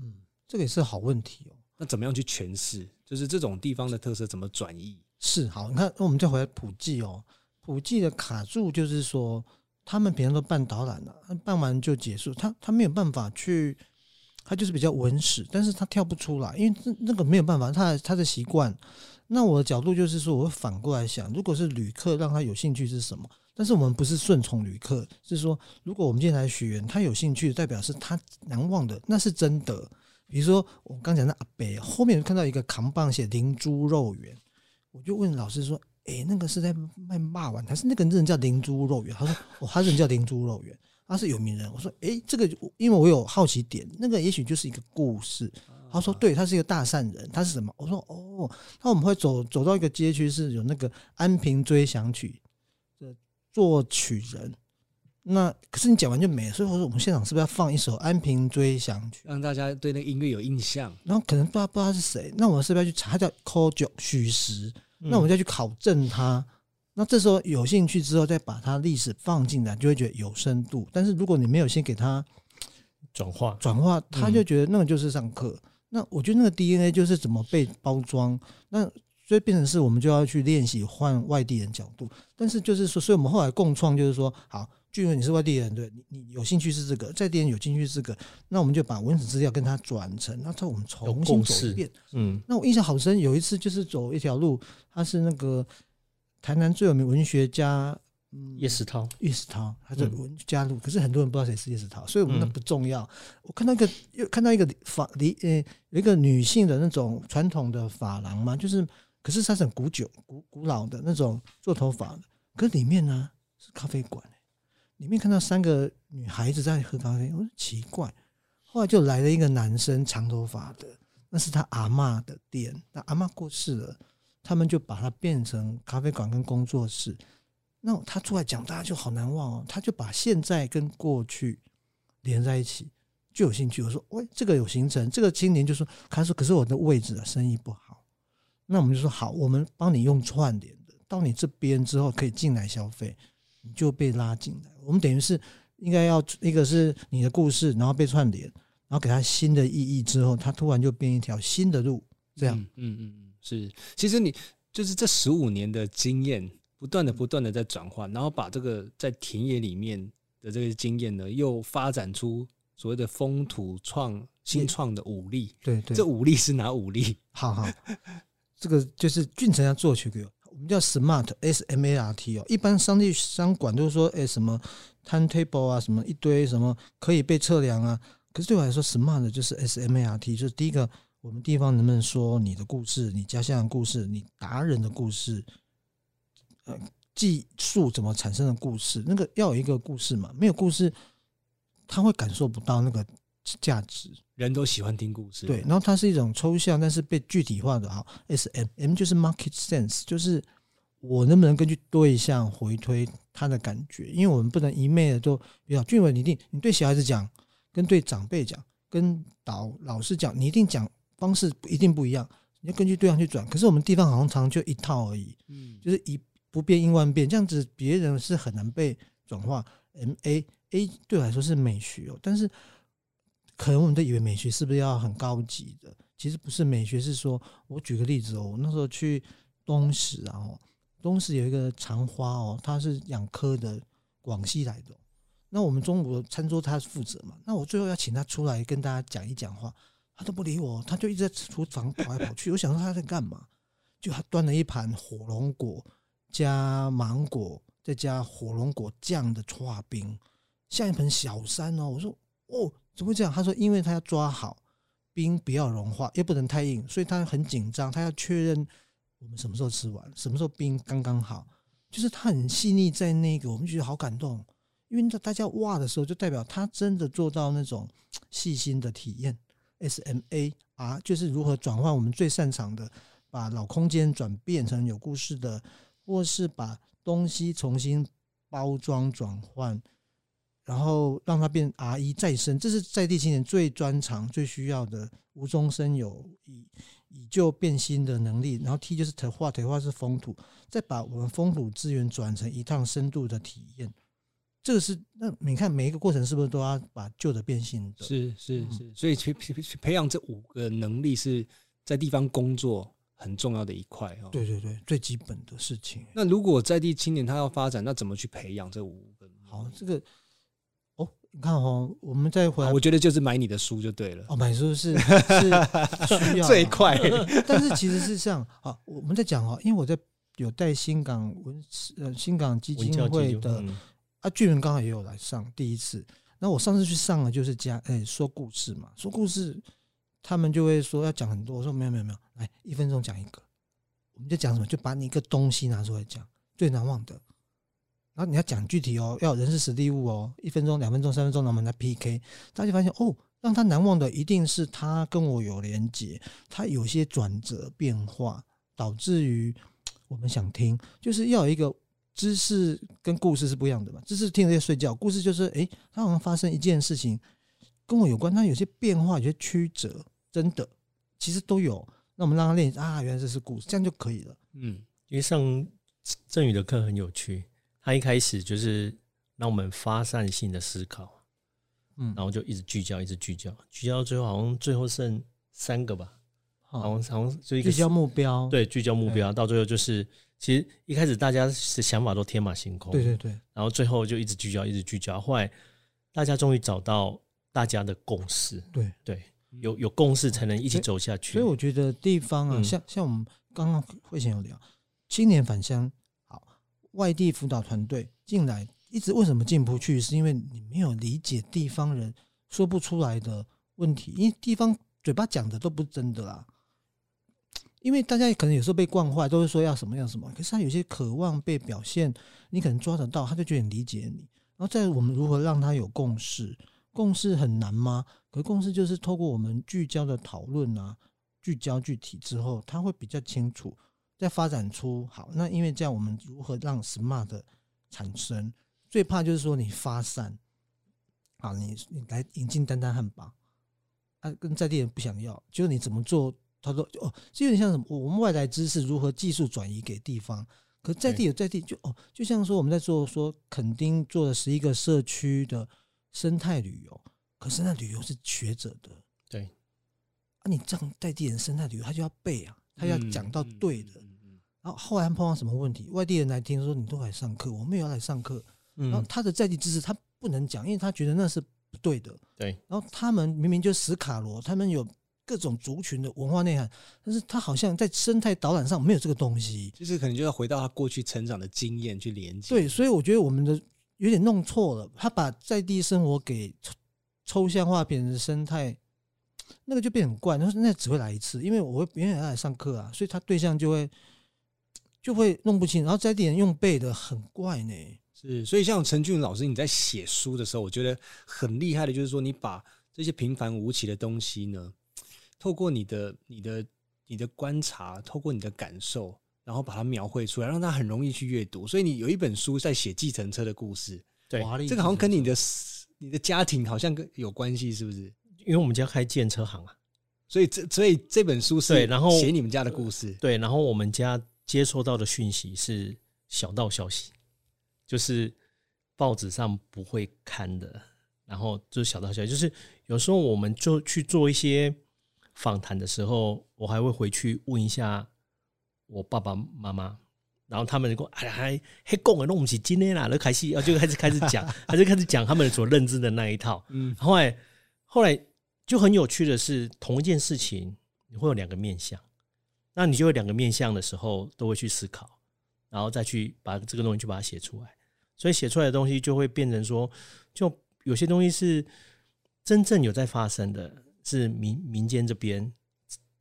嗯，這個也是好問題哦。那怎麼樣去詮釋？就是這種地方的特色怎麼轉移？是好，你看，那我們再回來普濟哦。普濟的卡住就是說，他們平常都辦導覽的、啊，辦完就結束，他他沒有辦法去，他就是比較文史，但是他跳不出來，因為那、那個沒有辦法，他他的習慣。那我的角度就是說，我反過來想，如果是旅客讓他有興趣是什麼？但是我們不是順從旅客，是說如果我們進來學員，他有興趣，代表是他難忘的，那是真的。比如說我剛講的阿北，後面看到一個扛棒寫靈豬肉圓，我就問老師說：“哎、欸，那個是在賣罵丸，還是那個人叫靈豬肉圓？”他說：“哦，他人叫靈豬肉圓，他是有名人。”我說：“哎、欸，這個因為我有好奇點，那個也許就是一個故事。”他說：“對，他是一個大善人，他是什麼？”我說：“哦，那我們會走走到一個街區，是有那個安平追想曲。”作曲人，那可是你講完就沒了。所以我說，我們現場是不是要放一首《安平追想曲》，讓大家對那個音樂有印象？然後可能不知道不知道是誰，那我們是不是要去查他叫 Call Joe？虛實？那我們再去考證他。嗯。那這時候有興趣之後，再把他歷史放進來，就會覺得有深度。但是如果你沒有先給他轉化轉化，他就覺得那個就是上課。嗯。那我覺得那個 DNA 就是怎麼被包裝那。所以變成是，我們就要去練習換外地人角度。但是就是說，所以我們後來共創就是說，好，俊文你是外地人，對，你你有興趣是這個，在地人有興趣是這個，那我們就把文史資料跟他轉成，那再我們重新走一遍。嗯。那我印象好深，有一次就是走一條路，他是那個台南最有名文學家葉石濤，葉石濤他在文家、嗯、路，可是很多人不知道誰是葉石濤，所以我們那不重要。嗯、我看到一個，又看到一個法禮，呃，有一個女性的那種傳統的法郎嘛，就是。可是它是很古久古古老的那種做頭髮的，可裡面呢是咖啡館、欸，裡面看到三個女孩子在喝咖啡，我說奇怪。後來就來了一個男生，長頭髮的，那是他阿嬤的店，那阿嬤過世了，他們就把它變成咖啡館跟工作室。那他出來講，大家就好難忘哦、喔。他就把現在跟過去連在一起，就有興趣。我說喂，這個有行程，這個青年就說他說，可是我的位置啊，生意不好。那我們就說好，我們幫你用串聯的，到你這邊之後可以進來消費，你就被拉進來。我們等於是應該要一個是你的故事，然後被串聯，然後給他新的意義之後，他突然就編一條新的路，這樣。嗯嗯嗯，是。其實你就是這十五年的經驗，不斷的不斷的在轉換，嗯、然後把這個在田野裡面的這個經驗呢，又發展出所謂的風土創新創的五力。對對，對，這五力是哪五力？好好。這個就是峻丞要做去，我們叫 smart s m a r t 哦。一般商地商管都說，哎，什麼 turntable 啊，什麼一堆什麼可以被測量啊。可是對我來說，smart 就是 s m a r t，就是第一個，我們地方能不能說你的故事，你家鄉的故事，你達人的故事，呃，技術怎麼產生的故事，那個要有一個故事嘛？沒有故事，他會感受不到那個。價值，人都喜歡聽故事，對，然後它是一種抽象，但是被具體化的哈。S M M 就是 market sense，就是我能不能根據對象回推他的感覺，因為我們不能一昧的都。要俊文，你一定，你對小孩子講，跟對長輩講，跟導老師講，你一定講方式一定不一樣，你要根據對象去轉。可是我們地方好像常就一套而已，嗯，就是以不變應萬變，這樣子別人是很難被轉化。M A A 對我來說是美學哦，但是。可能我們都以為美學是不是要很高級的？其實不是，美學是說，我舉個例子哦，我那時候去東石啊，哦，東石有一個長花哦，他是養蚵的，廣西來的，哦。那我們中國餐桌他是負責嘛？那我最後要請他出來跟大家講一講話，他都不理我，他就一直在廚房跑來跑去。我想說他在幹嘛？就他端了一盤火龍果加芒果再加火龍果醬的刨冰，像一盆小山哦。我說哦。怎麼會這樣？他說，因為他要抓好冰，不要融化，又不能太硬，所以他很緊張。他要確認我們什麼時候吃完，什麼時候冰剛剛好，就是他很細膩，在那個我們就覺得好感動，因為大家哇的時候，就代表他真的做到那種細心的體驗。SMART，就是如何轉換我們最擅長的，把老空間轉變成有故事的，或是把東西重新包裝轉換。然後讓他變 R 一，再生，這是在地青年最專長、最需要的無中生有以、以以舊變新的能力。然後 T 就是特化，特化是風土，再把我們風土資源轉成一趟深度的體驗。這個是，那你看每一個過程是不是都要把舊的變新的？是是是、嗯。所以去培養這五個能力是在地方工作很重要的一塊哦。對對對，最基本的事情。那如果在地青年他要發展，那怎麼去培養這五個能力？好，這個。你看哦，我們再回來、啊，我覺得就是買你的書就對了。哦，買書是是需要的 *laughs* 最快、欸，但是其實是這樣啊。我們在講哦，因為我在有帶新港文呃新港基金會的啊，俊文剛好也有來上第一次。那我上次去上了就是講，哎、欸，說故事嘛，說故事，他們就會說要講很多，我說沒有沒有沒有，來一分鐘講一個，我們在講什麼，就把你一個東西拿出來講，最難忘的。那你要講具體哦，要人事時地物哦，一分鐘、兩分鐘、三分鐘，讓我們來 PK。大家發現哦，讓他難忘的一定是他跟我有連接，他有些轉折變化，導致於我們想聽，就是要有一個知識跟故事是不一樣的嘛？知識聽着在睡覺，故事就是哎，他好像發生一件事情跟我有關，他有些變化，有些曲折，真的其實都有。那我們讓他練啊，原來這是故事，這樣就可以了。嗯，因為上震宇的課很有趣。他一開始就是讓我們發散性的思考，嗯，然後就一直聚焦，一直聚焦，聚焦到最後好像最後剩三個吧，好，好像然後就一個聚焦目標，對，聚焦目標到最後就是其實一開始大家的想法都天馬行空，對對對，然後最後就一直聚焦，一直聚焦，後來大家終於找到大家的共識，對對，有有共識才能一起走下去。所以，所以我覺得地方啊，嗯，像像我們剛剛慧賢有聊青年返鄉。外地輔導團隊進來，一直為什麼進不去？是因為你沒有理解地方人說不出來的問題，因為地方嘴巴講的都不是真的啦。因為大家可能有時候被慣壞，都是說要什麼要什麼。可是他有些渴望被表現，你可能抓得到，他就覺得理解你。然後在我們如何讓他有共識？共識很難嗎？可是共識就是透過我們聚焦的討論啊，聚焦具體之後，他會比較清楚。再發展出好，那因為這樣我們如何讓 smart 產生？最怕就是說你發散，好，你你來引進丹丹漢堡，啊，跟在地人不想要，就是你怎麼做？他說哦，這有點像什麼？我們外來知識如何技術轉移給地方？可在地有在地就哦，就像說我們在做說墾丁做了十一個社區的生態旅遊，可是那旅遊是學者的，對，啊，你這樣在地人生態旅遊，他就要背啊，他就要講到對的。嗯嗯後來還碰到什麼問題？外地人來聽說你都來上課，我們也要來上課，嗯。然後他的在地知識他不能講，因為他覺得那是不對的。對。然後他們明明就是史卡羅，他們有各種族群的文化內涵，但是他好像在生態導覽上沒有這個東西。就是可能就要回到他過去成長的經驗去連接。對，所以我覺得我們的有點弄錯了，他把在地生活給抽象化，變成生態，那個就變得很怪。他說那只會來一次，因為我會永遠要來上課啊，所以他對象就會。就會弄不清，然後再點用背的很怪呢、欸。是，所以像陳俊老師，你在寫書的時候，我覺得很厲害的，就是說你把這些平凡無奇的東西呢，透過你的、你的、你的觀察，透過你的感受，然後把它描繪出來，讓它很容易去閱讀。所以你有一本書在寫計程車的故事，對，這個好像跟你的、你的家庭好像跟有關係，是不是？因為我們家開建車行啊，所以這、所以這本書是然後寫你們家的故事，對，然後，然後我們家。接收到的訊息是小道消息，就是報紙上不會刊的。然後就是小道消息，就是有時候我們就去做一些訪談的時候，我還會回去問一下我爸爸媽媽。然後他們就說哎呀，還還講啊，都不是真的啦，都開始啊，就開始開始講，他就開始講 *laughs* 他們所認知的那一套。嗯，後來後來就很有趣的是，同一件事情你會有兩個面向。那你就有兩個面向的時候，都會去思考，然後再去把這個東西去把它寫出來。所以寫出來的東西就會變成說，就有些東西是真正有在發生的是民民間這邊，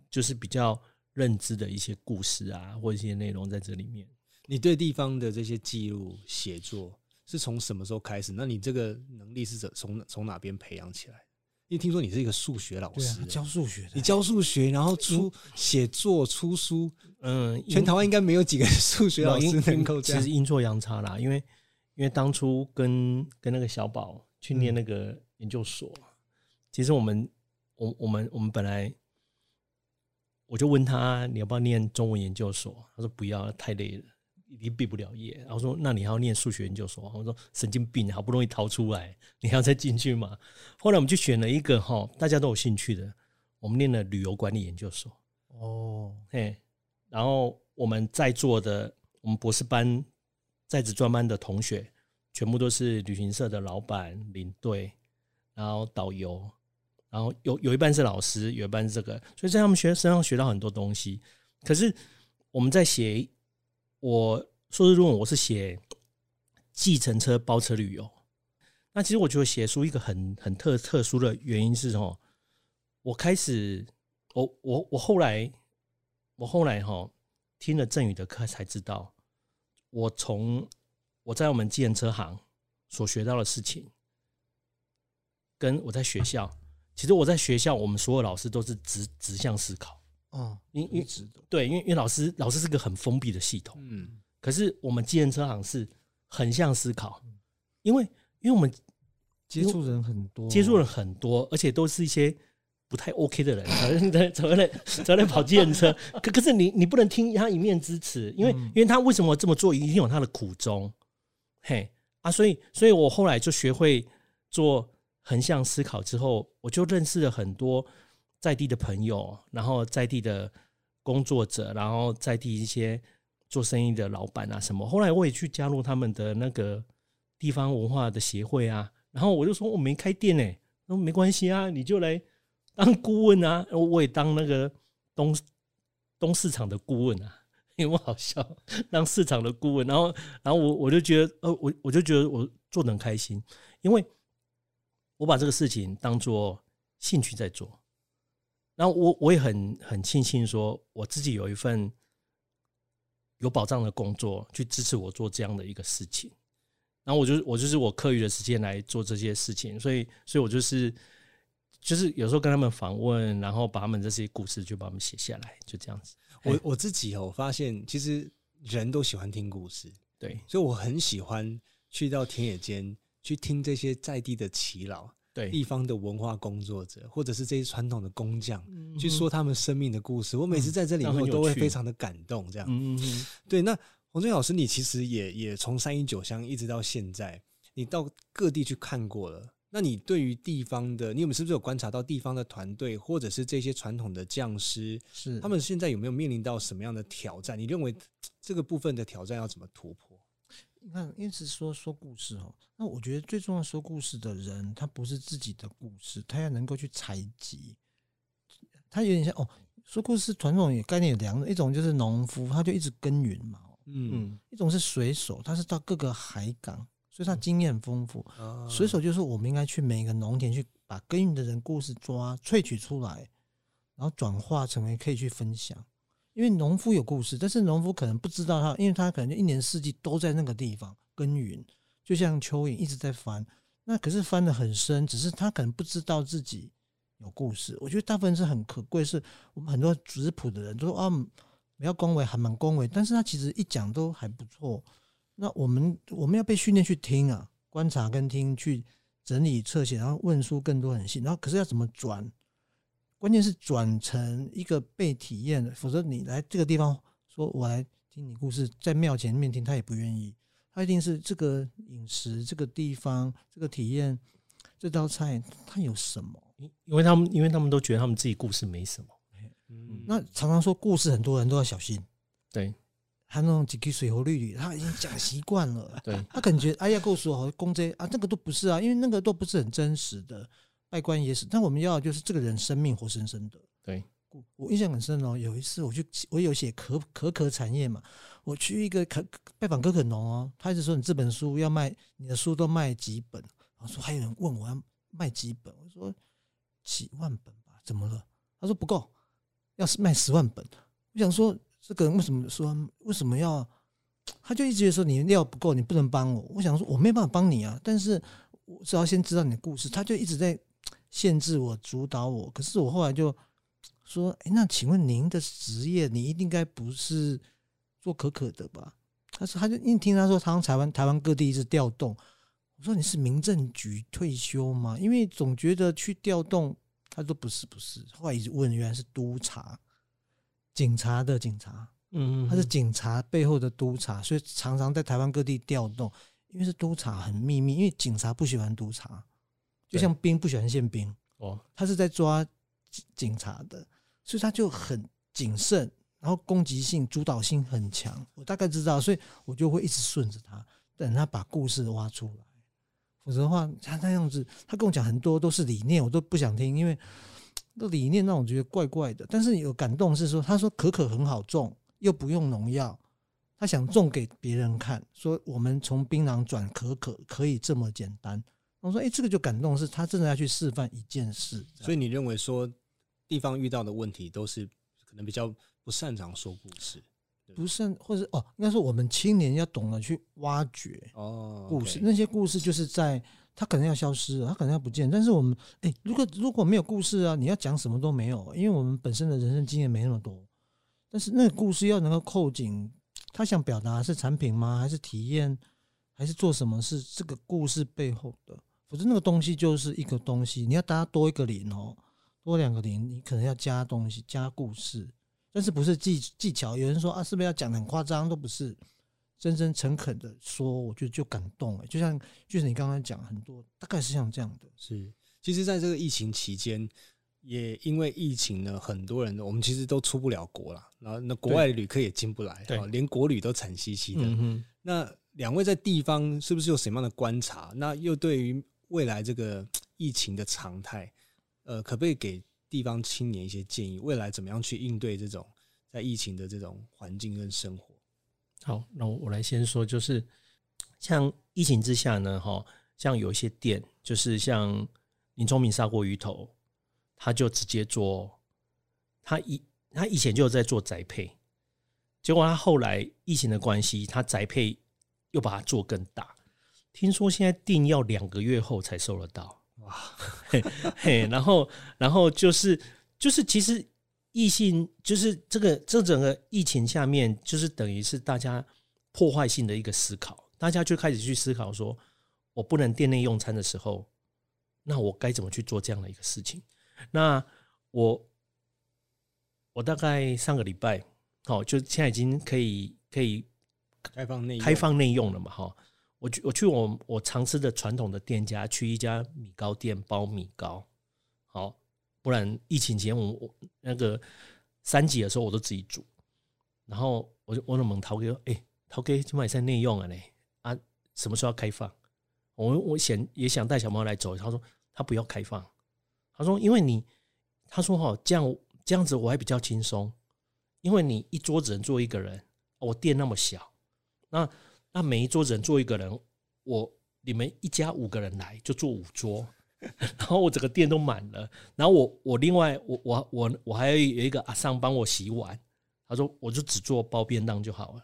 就是比較認知的一些故事啊，或者一些內容在這裡面。你對地方的這些記錄寫作是從什麼時候開始？那你這個能力是怎從哪從哪邊培養起來？一聽說你是一個數學老師，教數學的。你教數學，然後出寫作出書，嗯，全台灣應該沒有幾個數學老師能夠這樣。其實陰錯陽差啦，因為因為當初跟跟那個小寶去念那個研究所，其實我們我我們我們本來，我就問他你要不要念中文研究所，他說不要太累了。一定畢不了業，然後說那你還要念數學研究所？我說神經病，好不容易逃出來，你還要再進去嗎？後來我們就選了一個哈，大家都有興趣的，我們念了旅遊管理研究所。哦，嘿，然後我們在座的，我們博士班在職專班的同學，全部都是旅行社的老闆、領隊，然後導遊，然後有有一半是老師，有一半是這個，所以在他們學生身上學到很多東西。可是我們在寫。我碩士論文我是寫計程車包車旅遊，那其實我覺得寫書一個很很特特殊的原因是哈，我開始我我我後來我後來哈聽了震宇的課才知道，我從我在我們計程車行所學到的事情，跟我在學校，其實我在學校我們所有老師都是直直向思考。哦，因因為一直對，因為因為老師老師是個很封閉的系統，嗯，可是我們計程車行是橫向思考，因為因為我們、嗯、為我們接觸人很多，接觸人很多，而且都是一些不太 OK 的人， *laughs* 走來走來來跑計程車， *laughs* 可可是你你不能聽他一面之詞，因為、嗯、因為他為什麼這麼做，一定有他的苦衷，嘿啊，所以所以我後來就學會做橫向思考之後，我就認識了很多。在地的朋友，然後在地的工作者，然後在地一些做生意的老闆啊，什麼。後來我也去加入他們的那個地方文化的協會啊。然後我就說，我沒開店呢、欸，那沒關係啊，你就來當顧問啊。我也當那個東東市場的顧問啊，因為我好笑？當市場的顧問，然後，然後我我就覺得，呃，我我就覺得我做得很開心，因為我把這個事情當做興趣在做。然後我我也很很慶幸說，我自己有一份有保障的工作，去支持我做這樣的一個事情。然後我就是我就是我課餘的時間來做這些事情，所以所以我就是就是有時候跟他們訪問，然後把他們這些故事就把他們寫下來，就這樣子。我我自己哦，我發現其實人都喜歡聽故事，對，所以我很喜歡去到田野間去聽這些在地的耆老。對，地方的文化工作者，或者是這些傳統的工匠、嗯，去說他們生命的故事。我每次在這裡面、嗯、都會非常的感動。這樣、嗯，對。那洪震宇老師，你其實也也從三一九鄉一直到現在，你到各地去看過了。那你對於地方的，你有沒有是不是有觀察到地方的團隊，或者是這些傳統的匠師，是他們現在有沒有面臨到什麼樣的挑戰？你認為這個部分的挑戰要怎麼突破？你看，一直說說故事哦，那我覺得最重要說故事的人，他不是自己的故事，他要能夠去採集。他有點像哦，說故事傳統有概念有兩種，一種就是農夫，他就一直耕耘嘛，嗯，一種是水手，他是到各個海港，所以他經驗豐富、嗯哦。水手就是我們應該去每一個農田去把耕耘的人故事抓萃取出來，然後轉化成為可以去分享。因為農夫有故事，但是農夫可能不知道他，因為他可能就一年四季都在那個地方耕耘，就像蚯蚓一直在翻，那可是翻得很深，只是他可能不知道自己有故事。我覺得大部分是很可貴，是我們很多質樸的人都說啊，不要恭維，還蠻恭維，但是他其實一講都還不錯。那我們我們要被訓練去聽啊，觀察跟聽，去整理側寫，然後問出更多人性，然後可是要怎麼轉？關鍵是轉成一個被體驗的，否則你來這個地方，說我來聽你故事，在廟前面聽他也不願意，他一定是這個飲食、這個地方、這個體驗、這道菜，他有什麼？因因為他們，因為他們都覺得他們自己故事沒什麼。嗯，那常常說故事，很多人都要小心。對，他那種幾句水和綠綠，他已經講習慣了。 *laughs* 對，他感覺哎呀，告訴我說公賊，啊，這個啊那個都不是啊，因為那個都不是很真實的。外觀也是，但我們要就是這個人生命活生生的。對，我我印象很深哦、喔。有一次我去，我有寫可可可產業嘛，我去一個可拜訪可可農哦，他一直說你這本書要賣，你的書都賣幾本？我說還有人問我要賣幾本？我說幾萬本吧。怎麼了？他說不夠，要是賣十萬本。我想說這個人為什麼說為什麼要？他就一直說你料不夠，你不能幫我。我想說我沒辦法幫你啊，但是我只要先知道你的故事，他就一直在。限制我，主導我。可是我後來就說：“哎、欸，那請問您的職業，你一定該不是做可可的吧？”他說：“他就一聽他說，常常台灣台灣各地一直調動。”我說：“你是民政局退休嗎？”因為總覺得去調動。他說：“不是，不是。”後來一直問，原來是督察，警察的警察。嗯嗯，他是警察背後的督察，所以常常在台灣各地調動。因為是督察很秘密，因為警察不喜歡督察。就像兵不喜歡憲兵哦，他是在抓警察的，所以他就很謹慎，然後攻擊性、主導性很強。我大概知道，所以我就會一直順着他，等他把故事挖出來。否則的話，他那樣子，他跟我講很多都是理念，我都不想聽，因為那理念讓我覺得怪怪的。但是有感動是說，他說可可很好種，又不用農藥，他想種給別人看，說我們從檳榔轉可可可以這麼簡單。我說：“哎、欸，這個就感動，是他真的要去示範一件事。所以你認為說地方遇到的問題都是可能比較不擅長說故事，不擅，或者是哦，應該說我們青年要懂得去挖掘哦故事哦、okay。那些故事就是在他可能要消失了，他可能要不見。但是我們哎、欸，如果如果沒有故事啊，你要講什麼都沒有，因為我們本身的人生經驗沒那麼多。但是那個故事要能夠扣緊他想表達是產品嗎？還是體驗？還是做什麼？是這個故事背後的？”不是，那個東西就是一個東西，你要加多一個零哦、喔，多兩個零，你可能要加東西、加故事，但是不是技技巧？有人說啊，是不是要講得很誇張？都不是，真真誠懇的說，我覺得就感動，就像就是你剛剛講很多，大概是像這樣的。是，其實在這個疫情期間，也因為疫情呢，很多人我們其實都出不了國了，然後那國外的旅客也進不來，對，對，連國旅都慘兮兮的。嗯、那兩位在地方是不是有什麼樣的觀察？那又對於未來這個疫情的常態，呃，可不可以給地方青年一些建議？未來怎麼樣去應對這種在疫情的這種環境跟生活？好，那我我來先說，就是像疫情之下呢，哈，像有一些店，就是像林聰明砂鍋魚頭，他就直接做，他以他以前就在做宅配，結果他後來疫情的關係，他宅配又把它做更大。聽說現在訂要兩個月後才收得到哇。 *laughs* 嘿，嘿然後然後就是就是其實疫情就是這個這整個疫情下面就是等於是大家破壞性的一個思考，大家就開始去思考說，我不能店內用餐的時候，那我該怎麼去做這樣的一個事情？那我我大概上個禮拜哦，就現在已經可以可以開放內開放內用了嘛哈。我去我，我去我我常吃的傳統的店家，去一家米糕店包米糕，好，不然疫情前我我那個三級的時候我都自己煮，然後我就我問陶哥，誒、欸，陶哥今晚也在內用啊嘞？啊，什麼時候要開放？我我想也想帶小貓來走，他說他不要開放，他說因為你他說哈、哦、這樣這樣子我還比較輕鬆，因為你一桌只能坐一個人，我店那麼小，那。那每一桌只能坐一個人，我你們一家五個人來就坐五桌， *laughs* 然後我整個店都滿了。然後我我另外我我我我還有一個阿桑幫我洗碗。他說我就只做包便當就好了。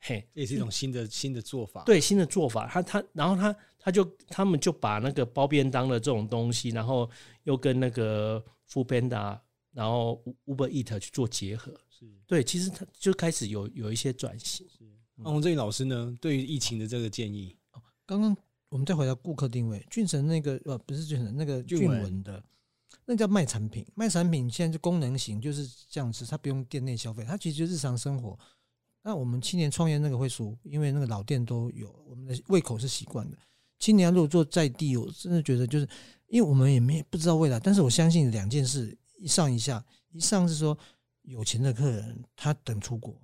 嘿，也是一種新的、嗯、新的做法。對，新的做法。他他然後他他就他們就把那個包便當的這種東西，然後又跟那個 foodpanda，然後 Uber Eat 去做結合。是。對，其實他就開始有有一些轉型。是那洪震宇老師呢？對於疫情的這個建議，剛剛我們再回到顧客定位，俊成那個呃，不是俊成，那個俊文的，那叫賣產品，賣產品現在是功能型，就是這樣子，他不用店內消費，他其實就是日常生活。那我們青年創業那個會輸，因為那個老店都有，我們的胃口是習慣的。青年如果做在地，我真的覺得就是，因為我們也沒不知道未來，但是我相信兩件事，一上一下，一上是說有錢的客人，他等出國，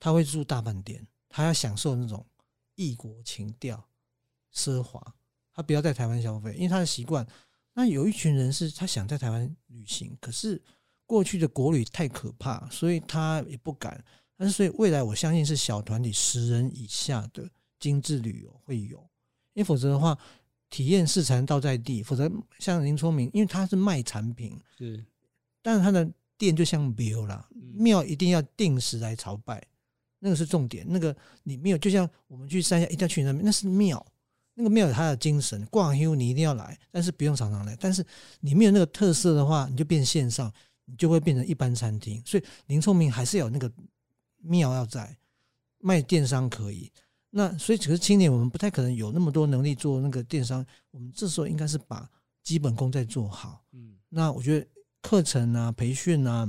他會住大飯店。他要享受那種異國情調、奢華，他不要在台灣消費，因為他的習慣。那有一群人是他想在台灣旅行，可是過去的國旅太可怕，所以他也不敢。但是所以未來我相信是小團體十人以下的精致旅遊會有，因為否則的話，體驗式才能到在地。否則像林聰明，因為他是賣產品，是，但是他的店就像廟啦，廟一定要定時來朝拜。那個是重點，那個你沒有，就像我們去山下一定要去那邊，那是廟，那個廟有它的精神。逛休你一定要來，但是不用常常來。但是你沒有那個特色的話，你就變線上，你就會變成一般餐廳。所以林聰明還是有那個廟要在賣電商可以。那所以，只是青年我們不太可能有那麼多能力做那個電商。我們這時候應該是把基本功再做好。嗯，那我覺得課程啊、培訓啊，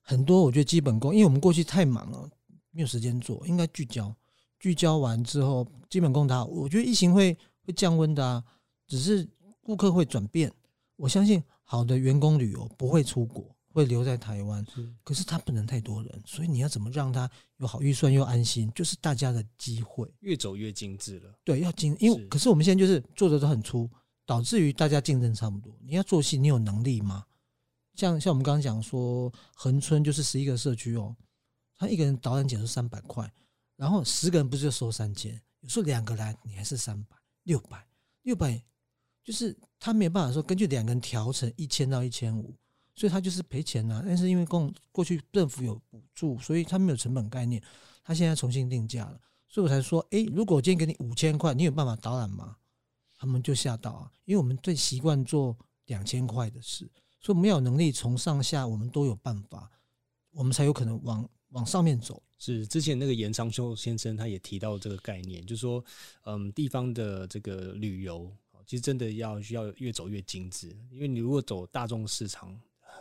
很多我覺得基本功，因為我們過去太忙了。沒有時間做，應該聚焦。聚焦完之後，基本功打好。我覺得疫情會會降溫的啊，只是顧客會轉變。我相信好的員工旅遊不會出國，會留在台灣。可是他不能太多人，所以你要怎麼讓他有好預算又安心？就是大家的機會越走越精緻了。對，要精，因為是可是我們現在就是做的都很粗，導致於大家競爭差不多。你要做戲，你有能力嗎？像像我們剛剛講說，恆春就是十一個社區哦。他一個人導覽解說三百塊，然後十個人不是就收三千？有時候兩個人你還是三百、六百、六百，就是他沒有辦法說根據兩個人調成一千到一千五，所以他就是賠錢了、啊、但是因為共過去政府有補助，所以他沒有成本概念，他現在重新定價了，所以我才說，誒、欸，如果我今天給你五千塊，你有辦法導覽嗎？他們就嚇到啊，因為我們最習慣做兩千塊的事，所以沒有能力從上下我們都有辦法，我們才有可能往，往上面走，是之前那個嚴長壽先生，他也提到這個概念，就是說，嗯，地方的這個旅遊，其實真的要需要越走越精緻，因為你如果走大眾市場，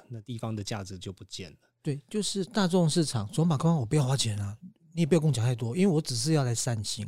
那地方的價值就不見了。對，就是大眾市場，走馬觀花，我不要花錢啊，你也不要跟我講太多，因為我只是要來散心。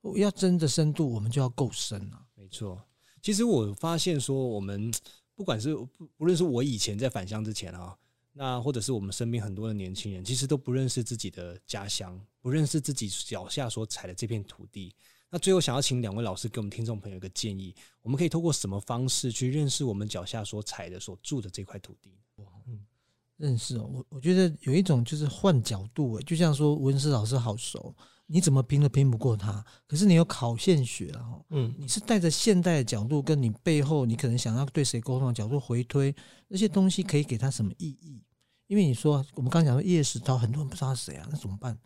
我要真的深度，我們就要夠深啊。嗯、沒錯，其實我發現說，我們不管是不論是我以前在返鄉之前啊。那或者是我們身邊很多的年輕人，其實都不認識自己的家鄉，不認識自己腳下所踩的這片土地。那最後想要請兩位老師給我們聽眾朋友一個建議，我們可以通過什麼方式去認識我們腳下所踩的、所住的這塊土地？哇，嗯，認識哦，我我覺得有一種就是換角度、欸，就像說文史老師好熟。你怎麼拼都拼不過他，可是你有考現學啊，嗯，你是帶着現代的角度，跟你背後你可能想要對誰溝通的角度回推那些東西，可以給他什麼意義？因為你說我們剛講的葉石濤，多很多人不知道他是誰啊，那怎麼辦？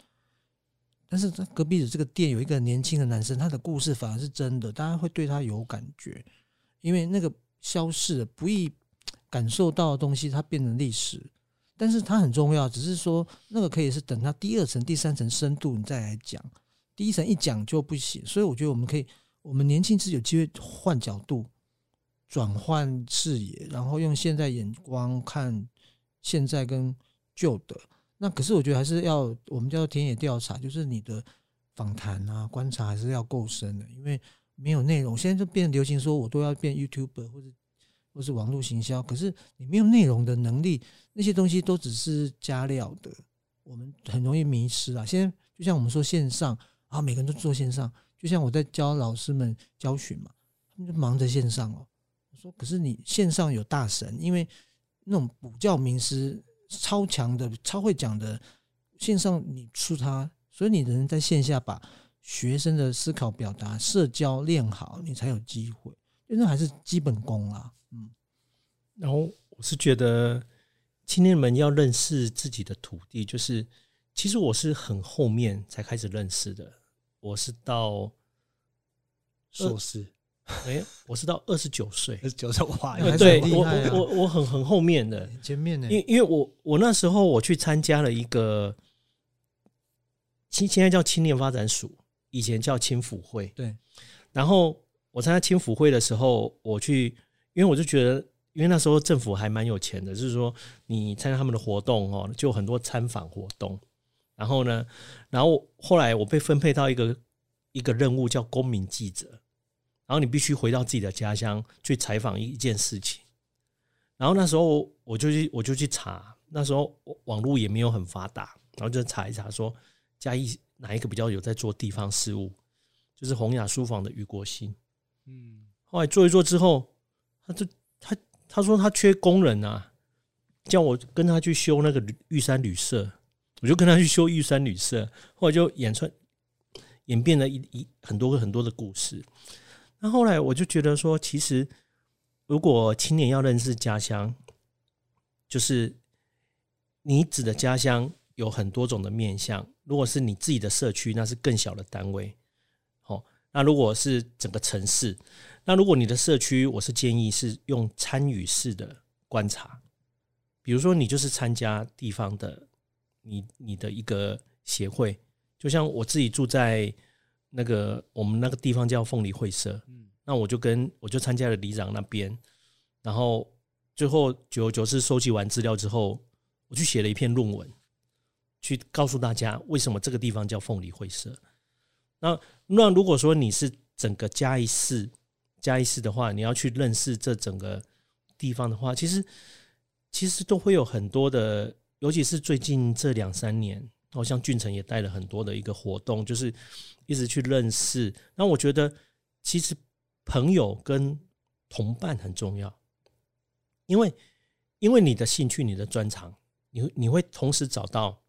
但是隔壁的這個店有一個年輕的男生，他的故事反而是真的，大家會對他有感覺，因為那個消逝的不易感受到的東西，它變成歷史。但是它很重要，只是說那個可以是等它第二層、第三層深度你再來講，第一層一講就不行。所以我覺得我們可以，我們年輕是有機會換角度，轉換視野，然後用現在眼光看現在跟舊的。那可是我覺得還是要我們叫田野調查，就是你的訪談啊、觀察還是要夠深的，因為沒有內容。現在就變流行說我都要變 YouTuber 或者。都是網絡行銷，可是你沒有內容的能力，那些東西都只是加料的。我們很容易迷失啊！現在就像我們說線上啊，每個人都做線上，就像我在教老師們教學嘛，他們就忙着線上哦、喔。我說，可是你線上有大神，因為那種補教名師超強的、超會講的線上，你出他，所以你只能在線下把學生的思考、表達、社交練好，你才有機會，那還是基本功啊。嗯，然後我是覺得青年們要認識自己的土地，就是其實我是很後面才開始認識的。我是到碩士，哎，我是到二十九歲，二十九歲，我、啊，對，我我我很很後面的前面的、欸，因為因為我我那時候我去參加了一個，現現在叫青年發展署，以前叫青輔會。對，然後我參加青輔會的時候，我去。因為我就覺得，因為那時候政府還蠻有錢的，就是說你參加他們的活動哦，就很多參訪活動。然後呢，然後後來我被分配到一個一個任務，叫公民記者。然後你必須回到自己的家鄉去採訪一件事情。然後那時候我就去，我就去查，那時候網絡也沒有很發達，然後就查一查，說嘉義哪一個比較有在做地方事務，就是洪雅書房的余國信。嗯，後來做一做之後。那這他就他，他說他缺工人啊，叫我跟他去修那個玉山旅社，我就跟他去修玉山旅社，後來就演出演變了一一,一很多很多的故事。那後來我就覺得說，其實如果青年要認識家鄉，就是你指的家鄉有很多種的面向。如果是你自己的社區，那是更小的單位。哦。那如果是整個城市。那如果你的社區，我是建議是用參與式的觀察，比如說你就是參加地方的你你的一個協會，就像我自己住在那個我們那個地方叫鳳梨會社，嗯，那我就跟我就參加了里長那邊，然後最後九九是收集完資料之後，我去寫了一篇論文，去告訴大家為什麼這個地方叫鳳梨會社。那那如果說你是整個嘉義市。嘉義市的話，你要去認識這整個地方的話，其實其實都會有很多的，尤其是最近這兩三年好像峻丞也帶了很多的一個活動，就是一直去認識。那我覺得，其實朋友跟同伴很重要，因為因為你的興趣、你的專長，你你會同時找到，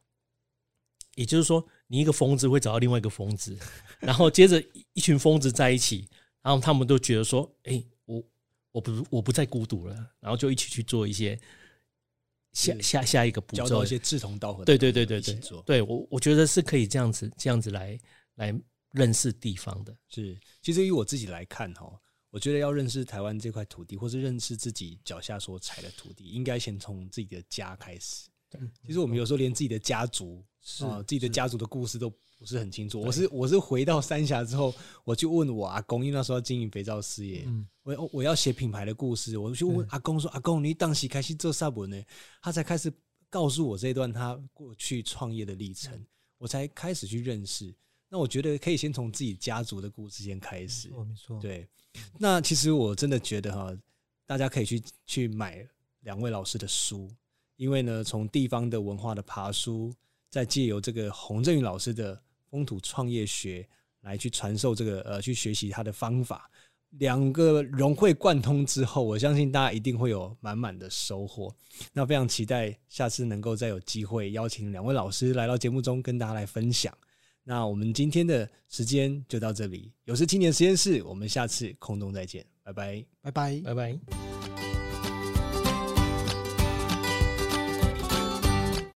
也就是說，你一個瘋子會找到另外一個瘋子，然後接着一群瘋子在一起。然後他們都覺得說：“哎、欸，我我不我不再孤獨了。”然後就一起去做一些下下下一個步驟，就是、交到一些志同道合的。道合的對，對，對，對對對對對，對我我覺得是可以這樣子這樣子來來認識地方的、嗯。是，其實以我自己來看哈，我覺得要認識台灣這塊土地，或是認識自己腳下所踩的土地，應該先從自己的家開始。對，其實我們有時候連自己的家族啊、嗯哦，自己的家族的故事都，不是很清楚，我是我是回到三峽之後，我就問我阿公，因為那時候要經營肥皂事業、嗯，我我要寫品牌的故事，我就問阿公說：“阿公，你當時開始做啥不呢？”他才開始告訴我這一段他過去創業的歷程、嗯，我才開始去認識。那我覺得可以先從自己家族的故事先開始。嗯、沒錯，對。那其實我真的覺得哈，大家可以去去買兩位老師的書，因為呢，從地方的文化的爬梳，再借由這個洪震宇老師的。風土創業學來去傳授這個呃，去學習他的方法，兩個融會貫通之後，我相信大家一定會有滿滿的收穫。那非常期待下次能夠再有機會邀請兩位老師來到節目中跟大家來分享。那我們今天的時間就到這裡，有事青年實驗室，我們下次空中再見，拜拜，拜拜，拜拜。